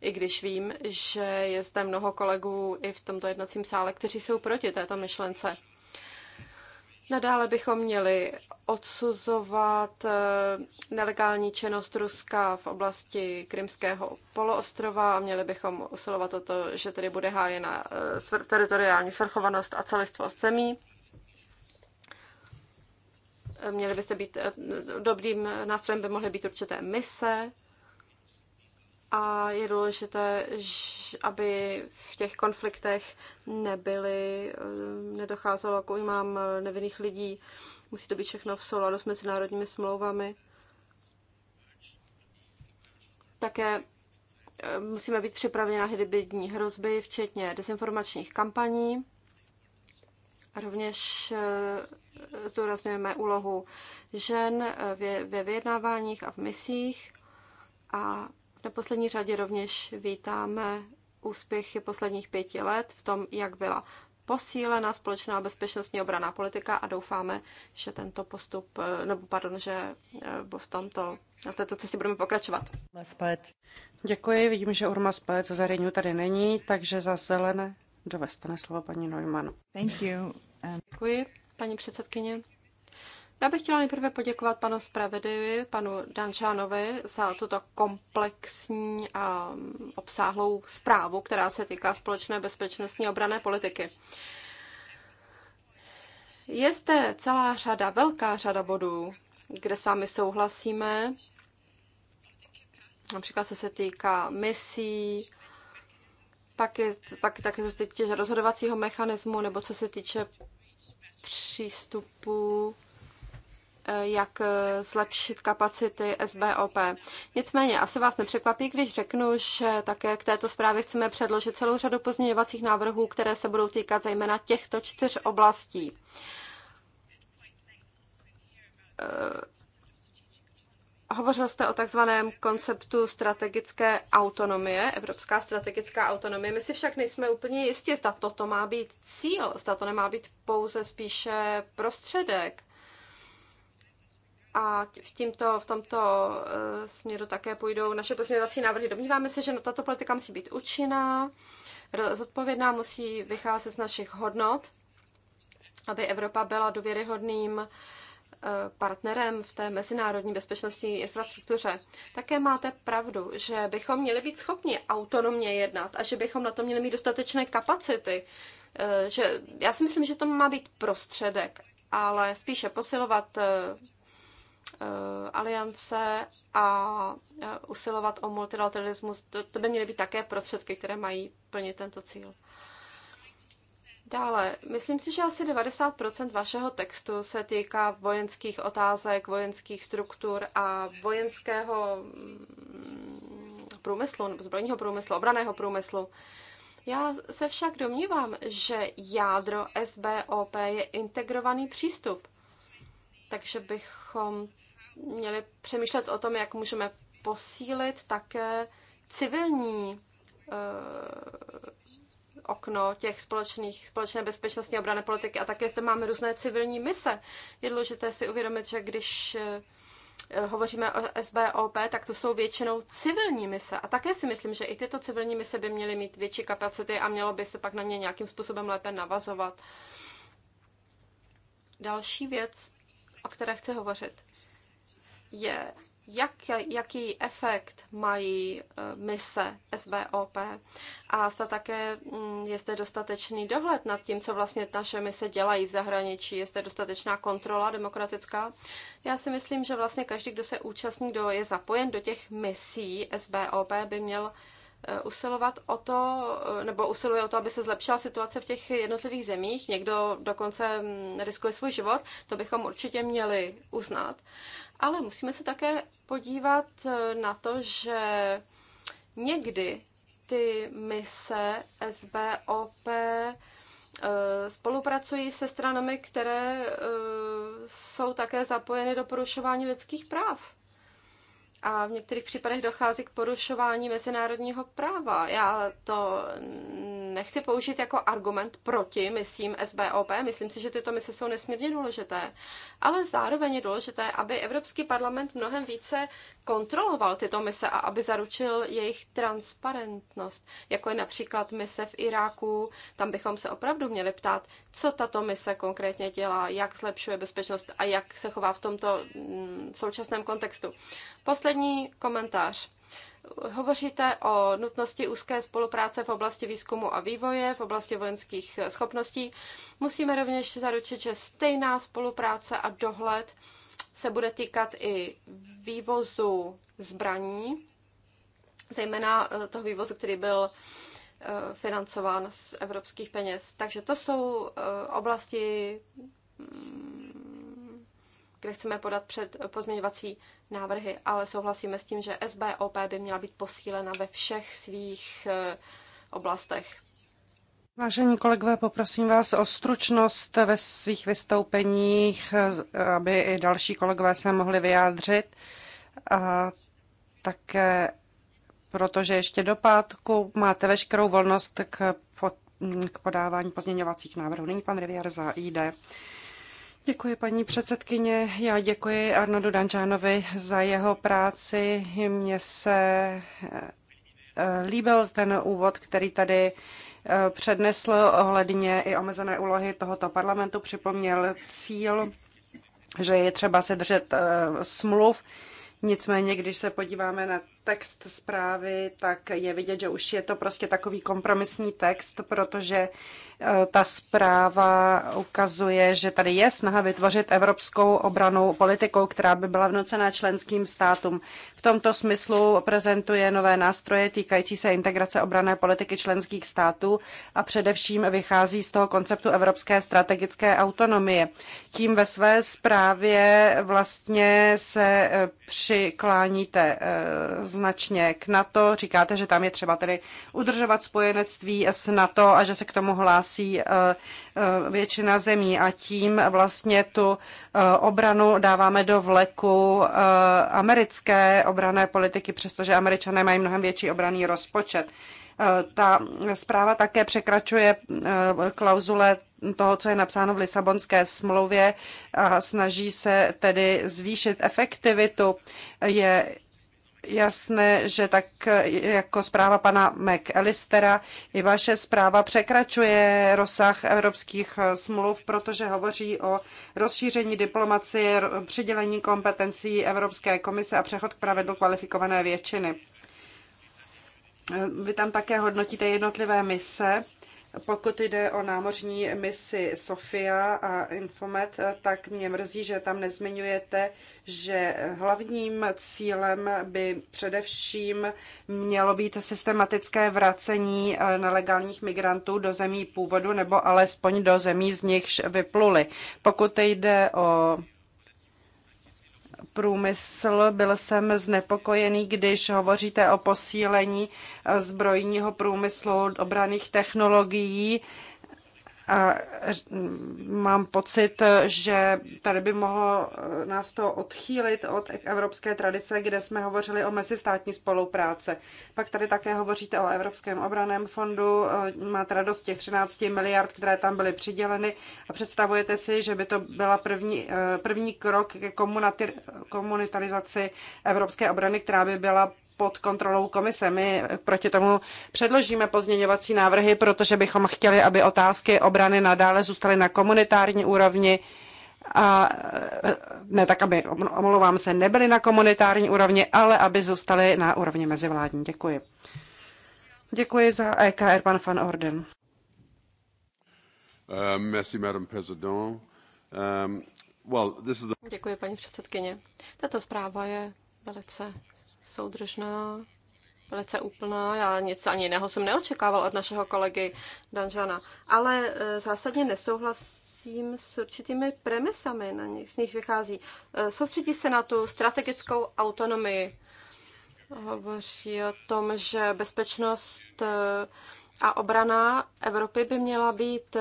i když vím, že je zde mnoho kolegů i v tomto jednacím sále, kteří jsou proti této myšlence. Nadále bychom měli odsuzovat eh, nelegální činnost Ruska v oblasti Krymského poloostrova a měli bychom usilovat o to, že tedy bude hájena eh, teritoriální svrchovanost a celistvost zemí. Měli byste být, eh, dobrým nástrojem by mohly být určité mise, a je důležité, aby v těch konfliktech nebyly, eh, nedocházelo k ujmám eh, nevinných lidí. Musí to být všechno v souladu s mezinárodními smlouvami. Také eh, musíme být připraveni na hybridní hrozby, včetně dezinformačních kampaní. A rovněž zdůrazňujeme úlohu žen ve vyjednáváních a v misích a neposlední řadě rovněž vítáme úspěchy posledních pěti let v tom, jak byla posílena společná bezpečnostní obraná politika a doufáme, že tento postup, eh, nebo pardon, že eh, v tomto na této cestě budeme pokračovat. Děkuji, vidím, že Urma Spalec za Renew tady není, takže za zelené dovestane slovo paní Neumann. Thank you. Um... Děkuji, paní předsedkyně. Já bych chtěla nejprve poděkovat panu Spravedlivi, panu Dančánovi za tuto komplexní a mm, obsáhlou zprávu, která se týká společné bezpečnostní obrané politiky. Je zde celá řada, velká řada bodů, kde s vámi souhlasíme, například co se týká misí, pak, je, pak také se týče rozhodovacího mechanismu, nebo co se týče přístupu Eh, jak eh, zlepšit kapacity SBOP. Nicméně asi vás nepřekvapí, když řeknu, že také k této zprávě chceme předložit celou řadu pozměňovacích návrhů, které se budou týkat zejména těchto čtyř oblastí eh, hovořil jste o takzvaném konceptu strategické autonomie, evropská strategická autonomie. My si však nejsme úplně jistí, zda toto má být cíl, zda to nemá být pouze spíše prostředek a v, tímto, v tomto eh, směru také půjdou naše pozměňovací návrhy. Domníváme se, že no, tato politika musí být účinná, zodpovědná, musí vycházet z našich hodnot, aby Evropa byla důvěryhodným eh, partnerem v té mezinárodní bezpečnostní infrastruktuře. Také máte pravdu, že bychom měli být schopni autonomně jednat a že bychom na to měli mít dostatečné kapacity. Eh, že, já si myslím, že to má být prostředek, ale spíše posilovat Eh, aliance a eh, usilovat o multilateralismus, to, to by měly být také prostředky, které mají plnit tento cíl. Dále, myslím si, že asi 90% vašeho textu se týká vojenských otázek, vojenských struktur a vojenského mm, průmyslu, nebo zbrojního průmyslu, obraného průmyslu. Já se však domnívám, že jádro SBOP je integrovaný přístup – takže bychom měli přemýšlet o tom, jak můžeme posílit také civilní eh, okno těch společných, společné bezpečnostní obrany politiky. A také zde máme různé civilní mise. Je důležité si uvědomit, že když eh, hovoříme o SBOP, tak to jsou většinou civilní mise. A také si myslím, že i tyto civilní mise by měly mít větší kapacity a mělo by se pak na ně nějakým způsobem lépe navazovat. Další věc, o které chci hovořit, je, jak, jaký efekt mají eh, mise SBOP a zda také mm, je zde dostatečný dohled nad tím, co vlastně naše mise dělají v zahraničí, je zde dostatečná kontrola demokratická. Já si myslím, že vlastně každý, kdo se účastní, kdo je zapojen do těch misí SBOP, by měl Eh, usilovat o to, eh, nebo usiluje o to, aby se zlepšila situace v těch jednotlivých zemích. Někdo dokonce mm, riskuje svůj život, to bychom určitě měli uznat. Ale musíme se také podívat eh, na to, že někdy ty mise SBOP spolupracují se stranami, které jsou také zapojeny do porušování lidských práv a v některých případech dochází k porušování mezinárodního práva. Já to nechci použít jako argument proti misím SBOP. Myslím si, že tyto mise jsou nesmírně důležité, ale zároveň je důležité, aby Evropský parlament mnohem více kontroloval tyto mise a aby zaručil jejich transparentnost, jako je například mise v Iráku. Tam bychom se opravdu měli ptát, co tato mise konkrétně dělá, jak zlepšuje bezpečnost a jak se chová v tomto mm, současném kontextu. Poslední komentář. Hovoříte o nutnosti úzké spolupráce v oblasti výzkumu a vývoje, v oblasti vojenských schopností. Musíme rovněž zaručit, že stejná spolupráce a dohled se bude týkat i vývozu zbraní, zejména eh, toho vývozu, který byl eh, financován z evropských peněz. Takže to jsou eh, oblasti mm, kde chceme podat před pozměňovací návrhy, ale souhlasíme s tím, že SBOP by měla být posílena ve všech svých eh, oblastech. Vážení kolegové, poprosím vás o stručnost ve svých vystoupeních, eh, aby i další kolegové se mohli vyjádřit. A také, protože ještě do pátku máte veškerou volnost k, po, k podávání pozměňovacích návrhů. Nyní pan Rivier za ID. Děkuji, paní předsedkyně. Já děkuji Arnodu Dančánovi za jeho práci. Mně se eh, líbil ten úvod, který tady eh, přednesl ohledně i omezené úlohy tohoto parlamentu. Připomněl cíl, že je třeba se držet eh, smluv. Nicméně, když se podíváme na text zprávy, tak je vidět, že už je to prostě takový kompromisní text, protože e, ta zpráva ukazuje, že tady je snaha vytvořit evropskou obranou politikou, která by byla vnucená členským státům. V tomto smyslu prezentuje nové nástroje týkající se integrace obrané politiky členských států a především vychází z toho konceptu evropské strategické autonomie. Tím ve své zprávě vlastně se e, přikláníte z jednoznačně k NATO. Říkáte, že tam je třeba tedy udržovat spojenectví s NATO a že se k tomu hlásí eh, eh, většina zemí a tím vlastně tu eh, obranu dáváme do vleku americké obrané politiky, přestože američané mají mnohem větší obraný rozpočet. Ta zpráva také překračuje klauzule toho, co je napsáno v Lisabonské smlouvě a snaží se tedy zvýšit efektivitu. Je jasné, že tak eh, jako zpráva pana McAllistera, i vaše zpráva překračuje rozsah evropských eh, smluv, protože hovoří o rozšíření diplomacie, přidělení kompetencí Evropské komise a přechod k pravidlu kvalifikované většiny. Eh, vy tam také hodnotíte jednotlivé mise pokud jde o námořní misi Sofia a Infomet, tak mě mrzí, že tam nezmiňujete, že hlavním cílem by především mělo být systematické vracení eh, nelegálních migrantů do zemí původu nebo alespoň do zemí, z nichž vypluli. Pokud jde o průmysl. Byl jsem znepokojený, když hovoříte o posílení eh, zbrojního průmyslu, obraných technologií. Mm, mám pocit, že tady by mohlo eh, nás to odchýlit od evropské tradice, kde jsme hovořili o mezistátní spolupráce. Pak tady také hovoříte o Evropském obraném fondu, eh, máte radost těch 13 miliard, které tam byly přiděleny a představujete si, že by to byla první, eh, první krok ke komunitarizaci evropské obrany, která by byla pod kontrolou komise. My proti tomu předložíme pozměňovací návrhy, protože bychom chtěli, aby otázky obrany nadále zůstaly na komunitární úrovni a e, ne tak, aby, omlouvám se, nebyly na komunitární úrovni, ale aby zůstaly na úrovni mezivládní. Děkuji. Děkuji za EKR, pan Van Orden. Uh, merci, madame um, well, this is the... Děkuji, paní předsedkyně. Tato zpráva je velice soudržná, velice úplná. Já nic ani jiného jsem neočekával od našeho kolegy Danžana. Ale e, zásadně nesouhlasím s určitými premisami, na nich, z nich vychází. E, soustředí se na tu strategickou autonomii. Hovoří o tom, že bezpečnost e, a obrana Evropy by měla být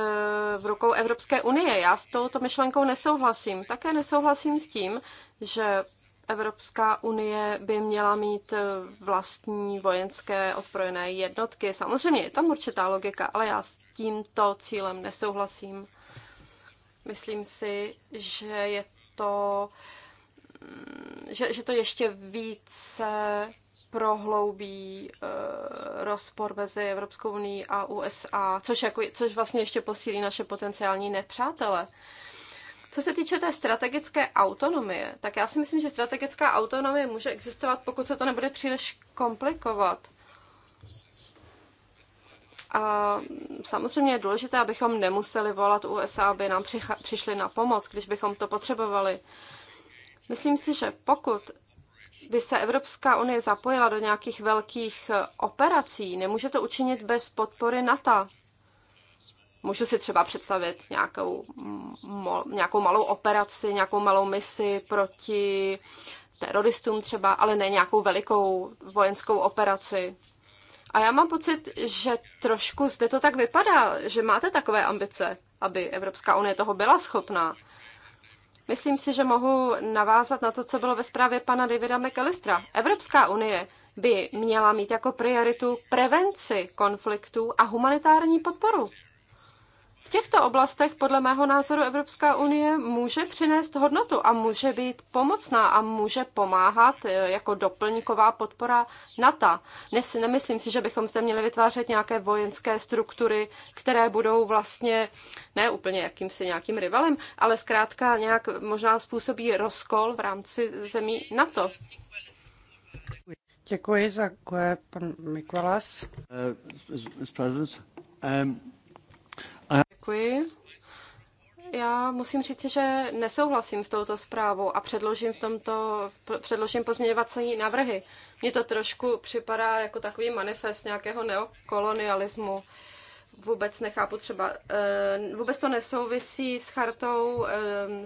v rukou Evropské unie. Já s touto myšlenkou nesouhlasím. Také nesouhlasím s tím, že Evropská unie by měla mít eh, vlastní vojenské ozbrojené jednotky. Samozřejmě je tam určitá logika, ale já s tímto cílem nesouhlasím. Myslím si, že je to, mm, že, že to ještě více prohloubí uh, rozpor mezi Evropskou unii a USA, což, jako, což vlastně ještě posílí naše potenciální nepřátele. Uh, co se týče té strategické autonomie, tak já si myslím, že strategická autonomie může existovat, pokud se to nebude příliš komplikovat. A samozřejmě je důležité, abychom nemuseli volat USA, aby nám přišli na pomoc, když bychom to potřebovali. Myslím si, že pokud by se Evropská unie zapojila do nějakých velkých operací, nemůže to učinit bez podpory NATO. Můžu si třeba představit nějakou, nějakou malou operaci, nějakou malou misi proti teroristům třeba, ale ne nějakou velikou vojenskou operaci. A já mám pocit, že trošku zde to tak vypadá, že máte takové ambice, aby Evropská unie toho byla schopná. Myslím si, že mohu navázat na to, co bylo ve zprávě pana Davida McAllistera. Evropská unie by měla mít jako prioritu prevenci konfliktů a humanitární podporu. V těchto oblastech podle mého názoru Evropská unie může přinést hodnotu a může být pomocná a může pomáhat eh, jako doplňková podpora NATO. Nemyslím si, že bychom zde měli vytvářet nějaké vojenské struktury, které budou vlastně ne úplně jakýmsi nějakým rivalem, ale zkrátka nějak možná způsobí rozkol v rámci zemí NATO. Děkuji za pan Mikolas. Uh, eh, Děkuji. Já musím říct, že nesouhlasím s touto zprávou a předložím, v tomto, předložím pozměňovací návrhy. Mně to trošku připadá jako takový manifest nějakého neokolonialismu. Vůbec nechápu třeba, eh, vůbec to nesouvisí s chartou, eh,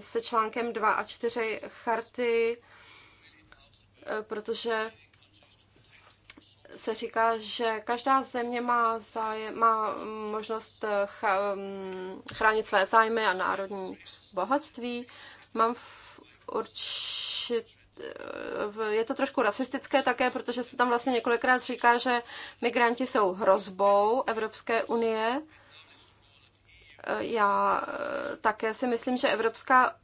se článkem 2 a 4 charty, eh, protože se říká, že každá země má, zájem, má možnost eh, mm, chránit své zájmy a národní bohatství. Mám v určit, eh, je to trošku rasistické také, protože se tam vlastně několikrát říká, že migranti jsou hrozbou Evropské unie. Eh, já také si myslím, že Evropská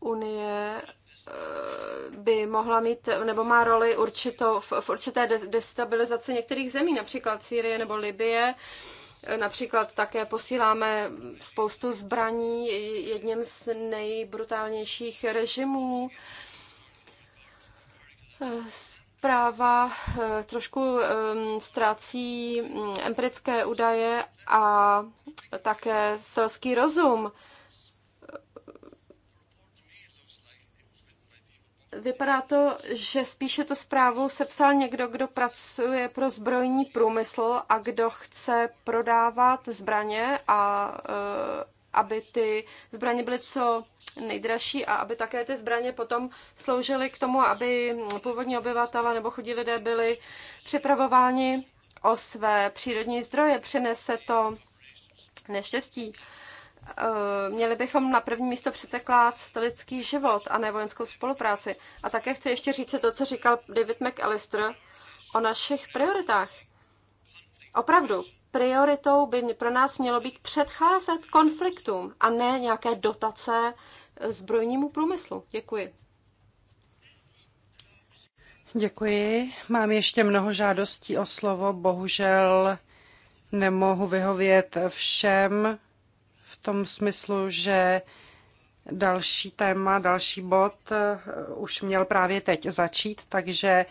unie by mohla mít nebo má roli určito v, v určité destabilizaci některých zemí, například Sýrie nebo Libie. Například také posíláme spoustu zbraní jedním z nejbrutálnějších režimů. Zpráva eh, trošku ehm, ztrácí mm, empirické údaje a také selský rozum. vypadá to, že spíše to zprávu sepsal někdo, kdo pracuje pro zbrojní průmysl a kdo chce prodávat zbraně a eh, aby ty zbraně byly co nejdražší a aby také ty zbraně potom sloužily k tomu, aby původní obyvatele nebo chudí lidé byli připravováni o své přírodní zdroje. Přinese to neštěstí. Eh, měli bychom na první místo přetekláct lidský život a ne vojenskou spolupráci. A také chci ještě říct to, co říkal David McAllister o našich prioritách. Opravdu, prioritou by pro nás mělo být předcházet konfliktům a ne nějaké dotace zbrojnímu průmyslu. Děkuji. Děkuji. Mám ještě mnoho žádostí o slovo. Bohužel nemohu vyhovět všem tom smyslu, že další téma, další bod eh, už měl právě teď začít, takže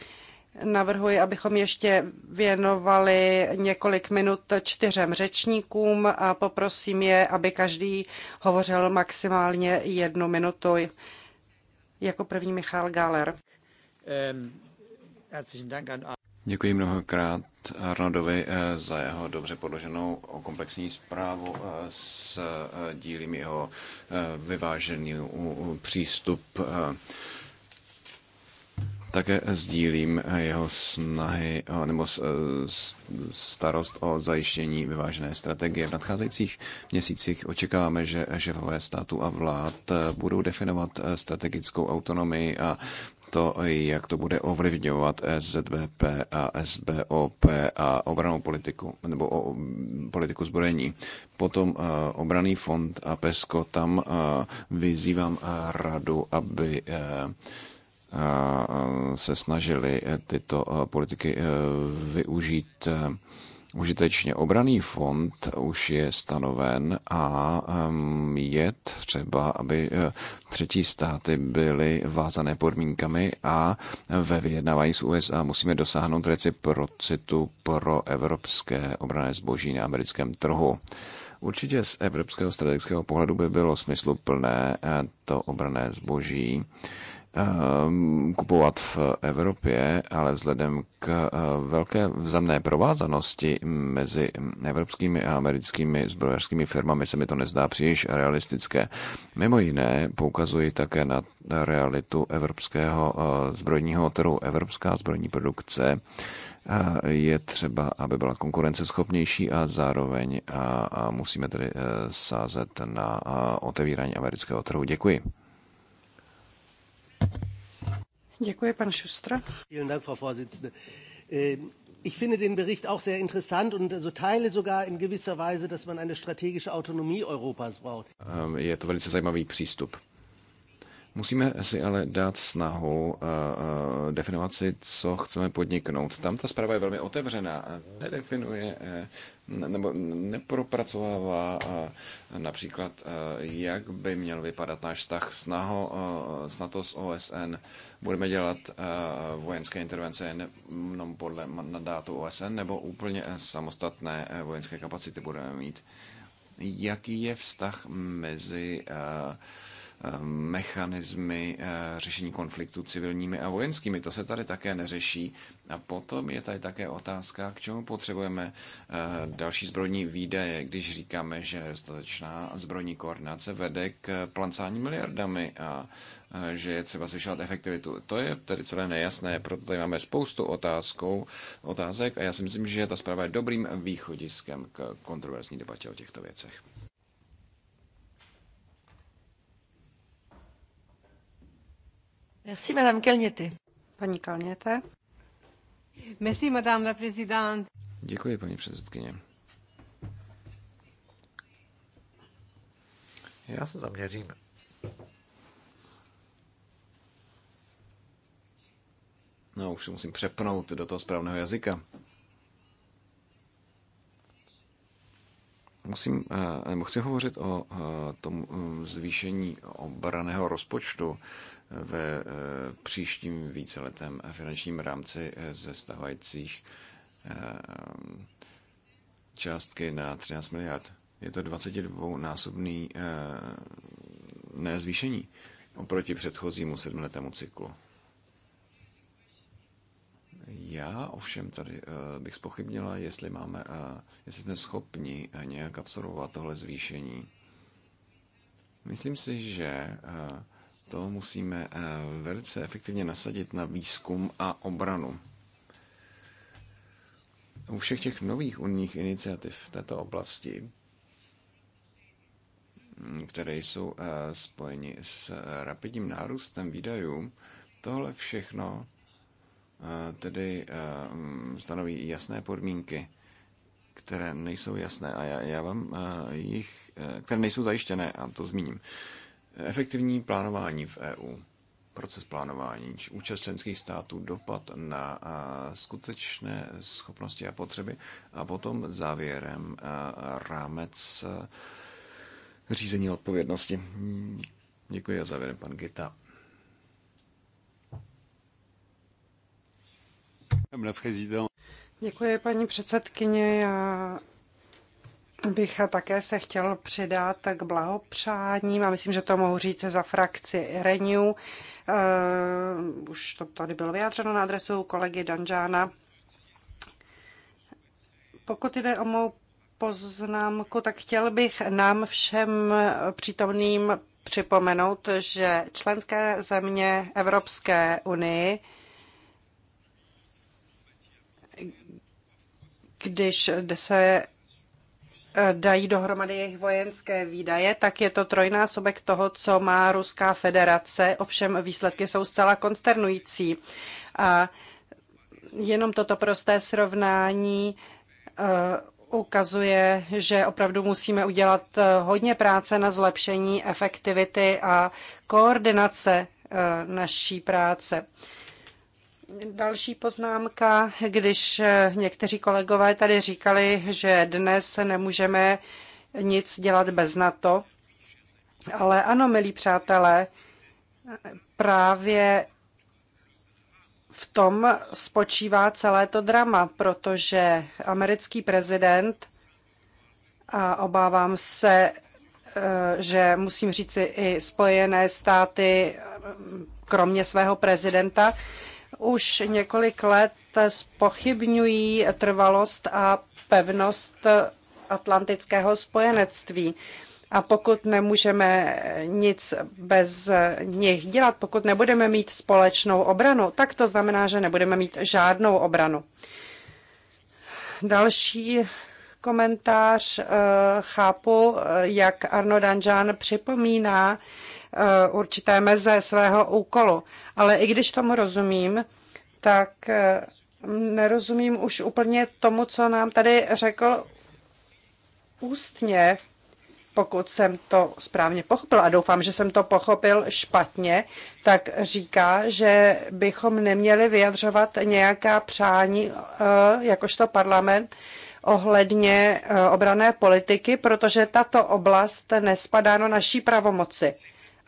navrhuji, abychom ještě věnovali několik minut čtyřem řečníkům a poprosím je, aby každý hovořil maximálně jednu minutu. Jako první Michal Galer. Děkuji mnohokrát Arnoldovi eh, za jeho dobře podloženou komplexní zprávu eh, s eh, dílím jeho vyvážený přístup. Také sdílím jeho snahy nebo starost o zajištění vyvážené strategie. V nadcházejících měsících očekáváme, že šéfové států a vlád budou definovat strategickou autonomii a to, jak to bude ovlivňovat SZBP a SBOP a obranou politiku, nebo o, politiku zbrojení. Potom eh, obraný fond a PESCO, tam eh, vyzývám eh, radu, aby se snažili tyto politiky využít Užitečně obraný fond už je stanoven a je třeba, aby eh, třetí státy byly vázané podmínkami a ve vyjednávání s USA musíme dosáhnout reciprocitu pro evropské obrané zboží na americkém trhu. Určitě z evropského strategického pohledu by bylo smysluplné eh, to obrané zboží Ehm, kupovat v Evropě, ale vzhledem k eh, velké vzamné provázanosti mezi evropskými a americkými zbrojařskými firmami se mi to nezdá příliš realistické. Mimo jiné poukazuji také na realitu evropského eh, zbrojního trhu. Evropská zbrojní produkce eh, je třeba, aby byla konkurenceschopnější a zároveň a musíme tedy sázet na otevírání amerického trhu. Děkuji. Děkuji, pan Šustra. Vielen Dank, Frau Vorsitzende. Ähm, ich finde den Bericht auch sehr interessant und so teile sogar in gewisser Weise, dass man eine strategische Autonomie Europas braucht. Ähm, je to velice zajímavý přístup. Musíme si ale dát snahu eh, eh, definovat si, co chceme podniknout. Tam ta zpráva je velmi otevřená, nedefinuje eh, nebo nepropracovává například, jak by měl vypadat náš vztah s, NATO, s NATO, s OSN. Budeme dělat vojenské intervence jenom podle mandátu OSN nebo úplně samostatné vojenské kapacity budeme mít. Jaký je vztah mezi uh, Eh, mechanismy eh, řešení konfliktu civilními a vojenskými. To se tady také neřeší. A potom je tady také otázka, k čemu potřebujeme eh, další zbrojní výdaje, když říkáme, že nedostatečná zbrojní koordinace vede k plancání miliardami a že je třeba zvyšovat efektivitu. To je tedy celé nejasné, proto tady máme spoustu otázkou, otázek a já si myslím, že ta zpráva je dobrým východiskem k kontroverzní debatě o těchto věcech. Merci, Madame Kalněty. Paní Kalněte. Merci, Madame la Présidente. Děkuji, paní předsedkyně. Já se zaměřím No, už se musím přepnout do toho správného jazyka. Musím, eh, nebo chci hovořit o eh, tom eh, zvýšení obraného rozpočtu ve příštím víceletém finančním rámci ze stávajících částky na 13 miliard. Je to 22-násobný nezvýšení oproti předchozímu sedmletému cyklu. Já ovšem tady eh, bych spochybnila, jestli, máme, eh, jestli jsme schopni eh, nějak absorbovat tohle zvýšení. Myslím si, že to musíme velice efektivně nasadit na výzkum a obranu. U všech těch nových unijních iniciativ v této oblasti, mm, které jsou spojeny s rapidním nárůstem výdajů, tohle všechno Eh, tedy eh, stanoví jasné podmínky, které nejsou jasné a já, já vám eh, jich, které nejsou zajištěné a to zmíním. Efektivní plánování v EU, proces plánování, účast členských států, dopad na skutečné schopnosti a potřeby a potom závěrem rámec řízení odpovědnosti. Děkuji a závěrem pan Gita. Děkuji, paní předsedkyně. Já bych také se chtěl přidat k blahopřáním a myslím, že to mohu říct za frakci Renew. Eh, už to tady bylo vyjádřeno na adresu kolegy Danžána. Pokud jde o mou poznámku, tak chtěl bych nám všem přítomným připomenout, že členské země Evropské unii když se eh, dají dohromady jejich vojenské výdaje, tak je to trojnásobek toho, co má Ruská federace, ovšem výsledky jsou zcela konsternující. A jenom toto prosté srovnání eh, ukazuje, že opravdu musíme udělat eh, hodně práce na zlepšení efektivity a koordinace naší práce. Další poznámka, když eh, někteří kolegové tady říkali, že dnes nemůžeme nic dělat bez NATO, ale ano, milí přátelé, právě v tom spočívá celé to drama, protože americký prezident a obávám se, eh, že musím říci i Spojené státy, eh, kromě svého prezidenta, už několik let spochybňují trvalost a pevnost atlantického spojenectví. A pokud nemůžeme nic bez nich dělat, pokud nebudeme mít společnou obranu, tak to znamená, že nebudeme mít žádnou obranu. Další komentář eh, chápu, jak Arno Danžán připomíná, Eh, určité meze svého úkolu. Ale i když tomu rozumím, tak eh, nerozumím už úplně tomu, co nám tady řekl ústně, pokud jsem to správně pochopil, a doufám, že jsem to pochopil špatně, tak říká, že bychom neměli vyjadřovat nějaká přání eh, jakožto parlament ohledně obrané politiky, protože tato oblast nespadá na naší pravomoci.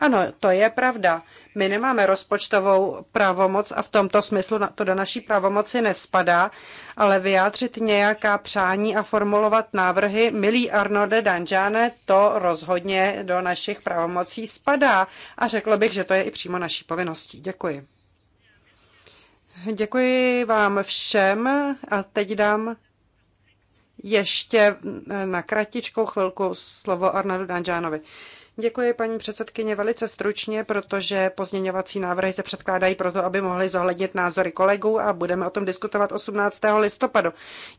Ano, to je pravda. My nemáme rozpočtovou pravomoc a v tomto smyslu to do naší pravomoci nespadá, ale vyjádřit nějaká přání a formulovat návrhy, milý Arnode Danžáne, to rozhodně do našich pravomocí spadá. A řekl bych, že to je i přímo naší povinností. Děkuji. Děkuji vám všem a teď dám ještě na kratičkou chvilku slovo Arnoldu Danžánovi. Děkuji paní předsedkyně velice stručně, protože pozměňovací návrhy se předkládají proto, aby mohly zohlednit názory kolegů a budeme o tom diskutovat 18. listopadu.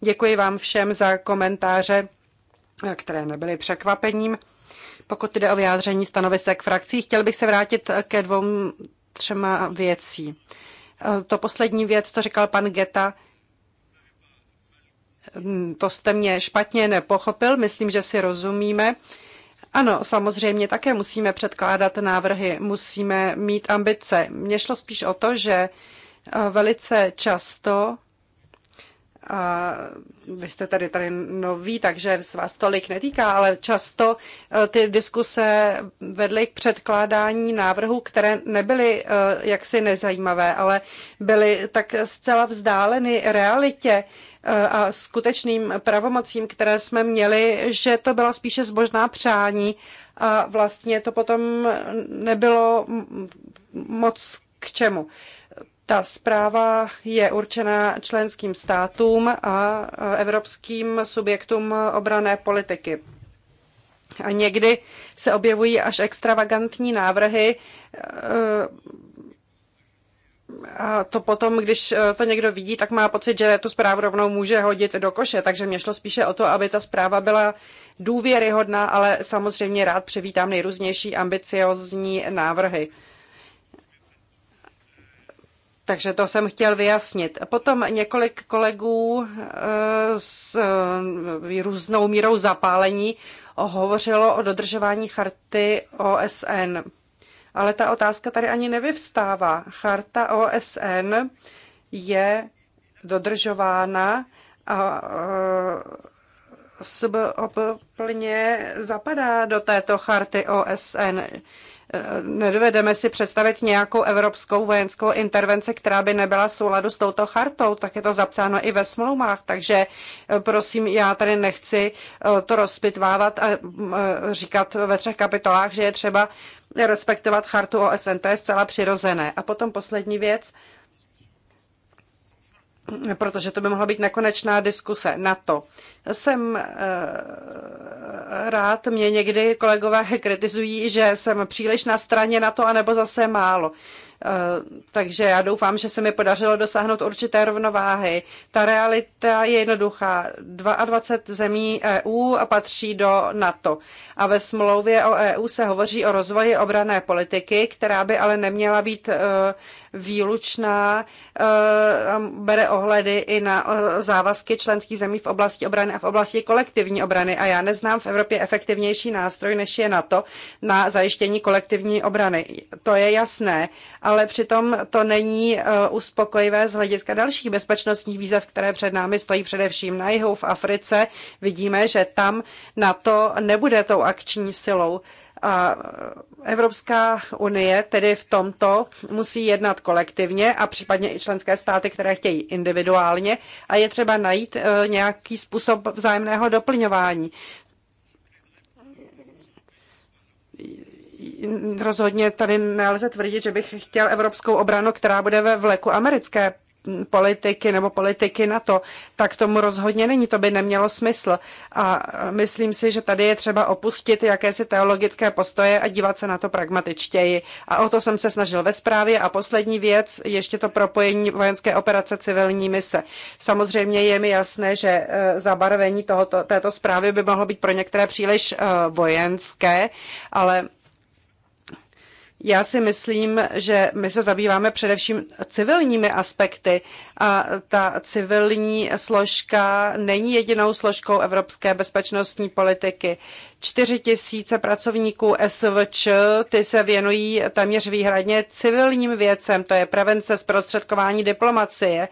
Děkuji vám všem za komentáře, které nebyly překvapením. Pokud jde o vyjádření stanovisek frakcí, chtěl bych se vrátit ke dvou třema věcí. To poslední věc, co říkal pan Geta, to jste mě špatně nepochopil, myslím, že si rozumíme. Ano, samozřejmě také musíme předkládat návrhy, musíme mít ambice. Mně šlo spíš o to, že eh, velice často a vy jste tady, tady noví, takže z vás tolik netýká, ale často eh, ty diskuse vedly k předkládání návrhů, které nebyly eh, jaksi nezajímavé, ale byly tak zcela vzdáleny realitě, a skutečným pravomocím, které jsme měli, že to byla spíše zbožná přání a vlastně to potom nebylo moc k čemu. Ta zpráva je určena členským státům a evropským subjektům obrané politiky. A někdy se objevují až extravagantní návrhy, a to potom, když e, to někdo vidí, tak má pocit, že tu zprávu rovnou může hodit do koše. Takže mě šlo spíše o to, aby ta zpráva byla důvěryhodná, ale samozřejmě rád přivítám nejrůznější ambiciozní návrhy. Takže to jsem chtěl vyjasnit. Potom několik kolegů e, s e, různou mírou zapálení hovořilo o dodržování charty OSN ale ta otázka tady ani nevyvstává. Charta OSN je dodržována a e, SBOP plně zapadá do této charty OSN. E, nedovedeme si představit nějakou evropskou vojenskou intervenci, která by nebyla souladu s touto chartou, tak je to zapsáno i ve smlouvách, takže e, prosím, já tady nechci to rozpitvávat a říkat ve třech kapitolách, že je třeba respektovat chartu OSN. To je zcela přirozené. A potom poslední věc, protože to by mohla být nekonečná diskuse na to. Jsem eh, rád, mě někdy kolegové kritizují, že jsem příliš na straně na to, anebo zase málo. Eh, takže já doufám, že se mi podařilo dosáhnout určité rovnováhy. Ta realita je jednoduchá. 22 zemí EU a patří do NATO. A ve smlouvě o EU se hovoří o rozvoji obrané politiky, která by ale neměla být eh, výlučná, eh, bere ohledy i na eh, závazky členských zemí v oblasti obrany a v oblasti kolektivní obrany. A já neznám v Evropě efektivnější nástroj, než je NATO na zajištění kolektivní obrany. To je jasné, ale přitom to není eh, uspokojivé z hlediska dalších bezpečnostních výzev, které před námi stojí především na jihu v Africe. Vidíme, že tam NATO nebude tou akční silou. A Evropská unie tedy v tomto musí jednat kolektivně a případně i členské státy, které chtějí individuálně a je třeba najít eh, nějaký způsob vzájemného doplňování. Rozhodně tady nelze tvrdit, že bych chtěl evropskou obranu, která bude ve vleku americké, politiky nebo politiky na to, tak tomu rozhodně není, to by nemělo smysl. A myslím si, že tady je třeba opustit jakési teologické postoje a dívat se na to pragmatičtěji. A o to jsem se snažil ve zprávě. A poslední věc, ještě to propojení vojenské operace civilní mise. Samozřejmě je mi jasné, že eh, zabarvení tohoto, této zprávy by mohlo být pro některé příliš eh, vojenské, ale já si myslím, že my se zabýváme především civilními aspekty a ta civilní složka není jedinou složkou evropské bezpečnostní politiky. 4 tisíce pracovníků SVČ, ty se věnují téměř výhradně civilním věcem, to je prevence zprostředkování diplomacie.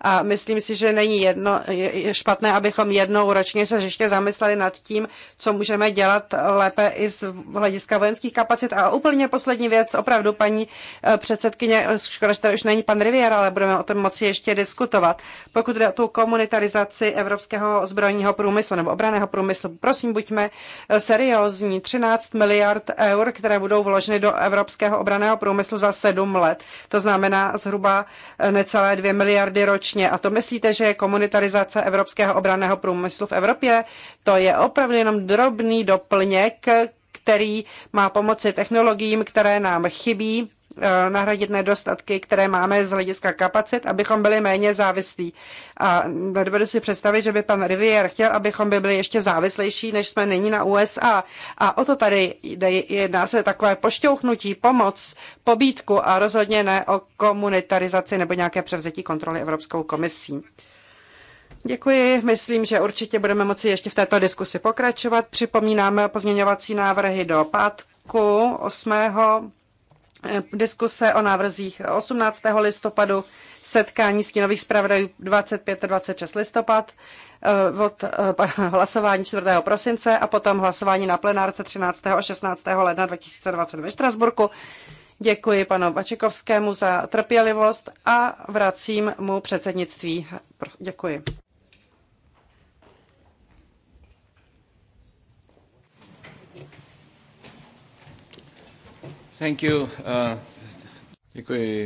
A myslím si, že není jedno, je špatné, abychom jednou ročně se ještě zamysleli nad tím, co můžeme dělat lépe i z hlediska vojenských kapacit. A úplně poslední věc, opravdu paní eh, předsedkyně, škoda, že tady už není pan Rivier, ale budeme o tom moci ještě diskutovat. Pokud jde o tu komunitarizaci evropského zbrojního průmyslu nebo obraného průmyslu, prosím, buďme eh, seriózní. 13 miliard eur, které budou vloženy do evropského obraného průmyslu za 7 let. To znamená zhruba necelé 2 miliardy ročně. A to myslíte, že je komunitarizace evropského obraného průmyslu v Evropě? To je opravdu jenom drobný doplněk, který má pomoci technologiím, které nám chybí Eh, nahradit nedostatky, které máme z hlediska kapacit, abychom byli méně závislí. A nedovedu si představit, že by pan Rivier chtěl, abychom by byli ještě závislejší, než jsme nyní na USA. A o to tady jde, jedná se takové pošťouchnutí, pomoc, pobítku a rozhodně ne o komunitarizaci nebo nějaké převzetí kontroly Evropskou komisí. Děkuji. Myslím, že určitě budeme moci ještě v této diskusi pokračovat. Připomínám pozměňovací návrhy do pátku 8. Eh, diskuse o návrzích 18. listopadu, setkání stínových zpravodajů 25. a 26. listopad, eh, od eh, hlasování 4. prosince a potom hlasování na plenárce 13. a 16. ledna 2020 ve Štrasburku. Děkuji panu Vačekovskému za trpělivost a vracím mu předsednictví. Děkuji. Thank you. Uh... Děkuji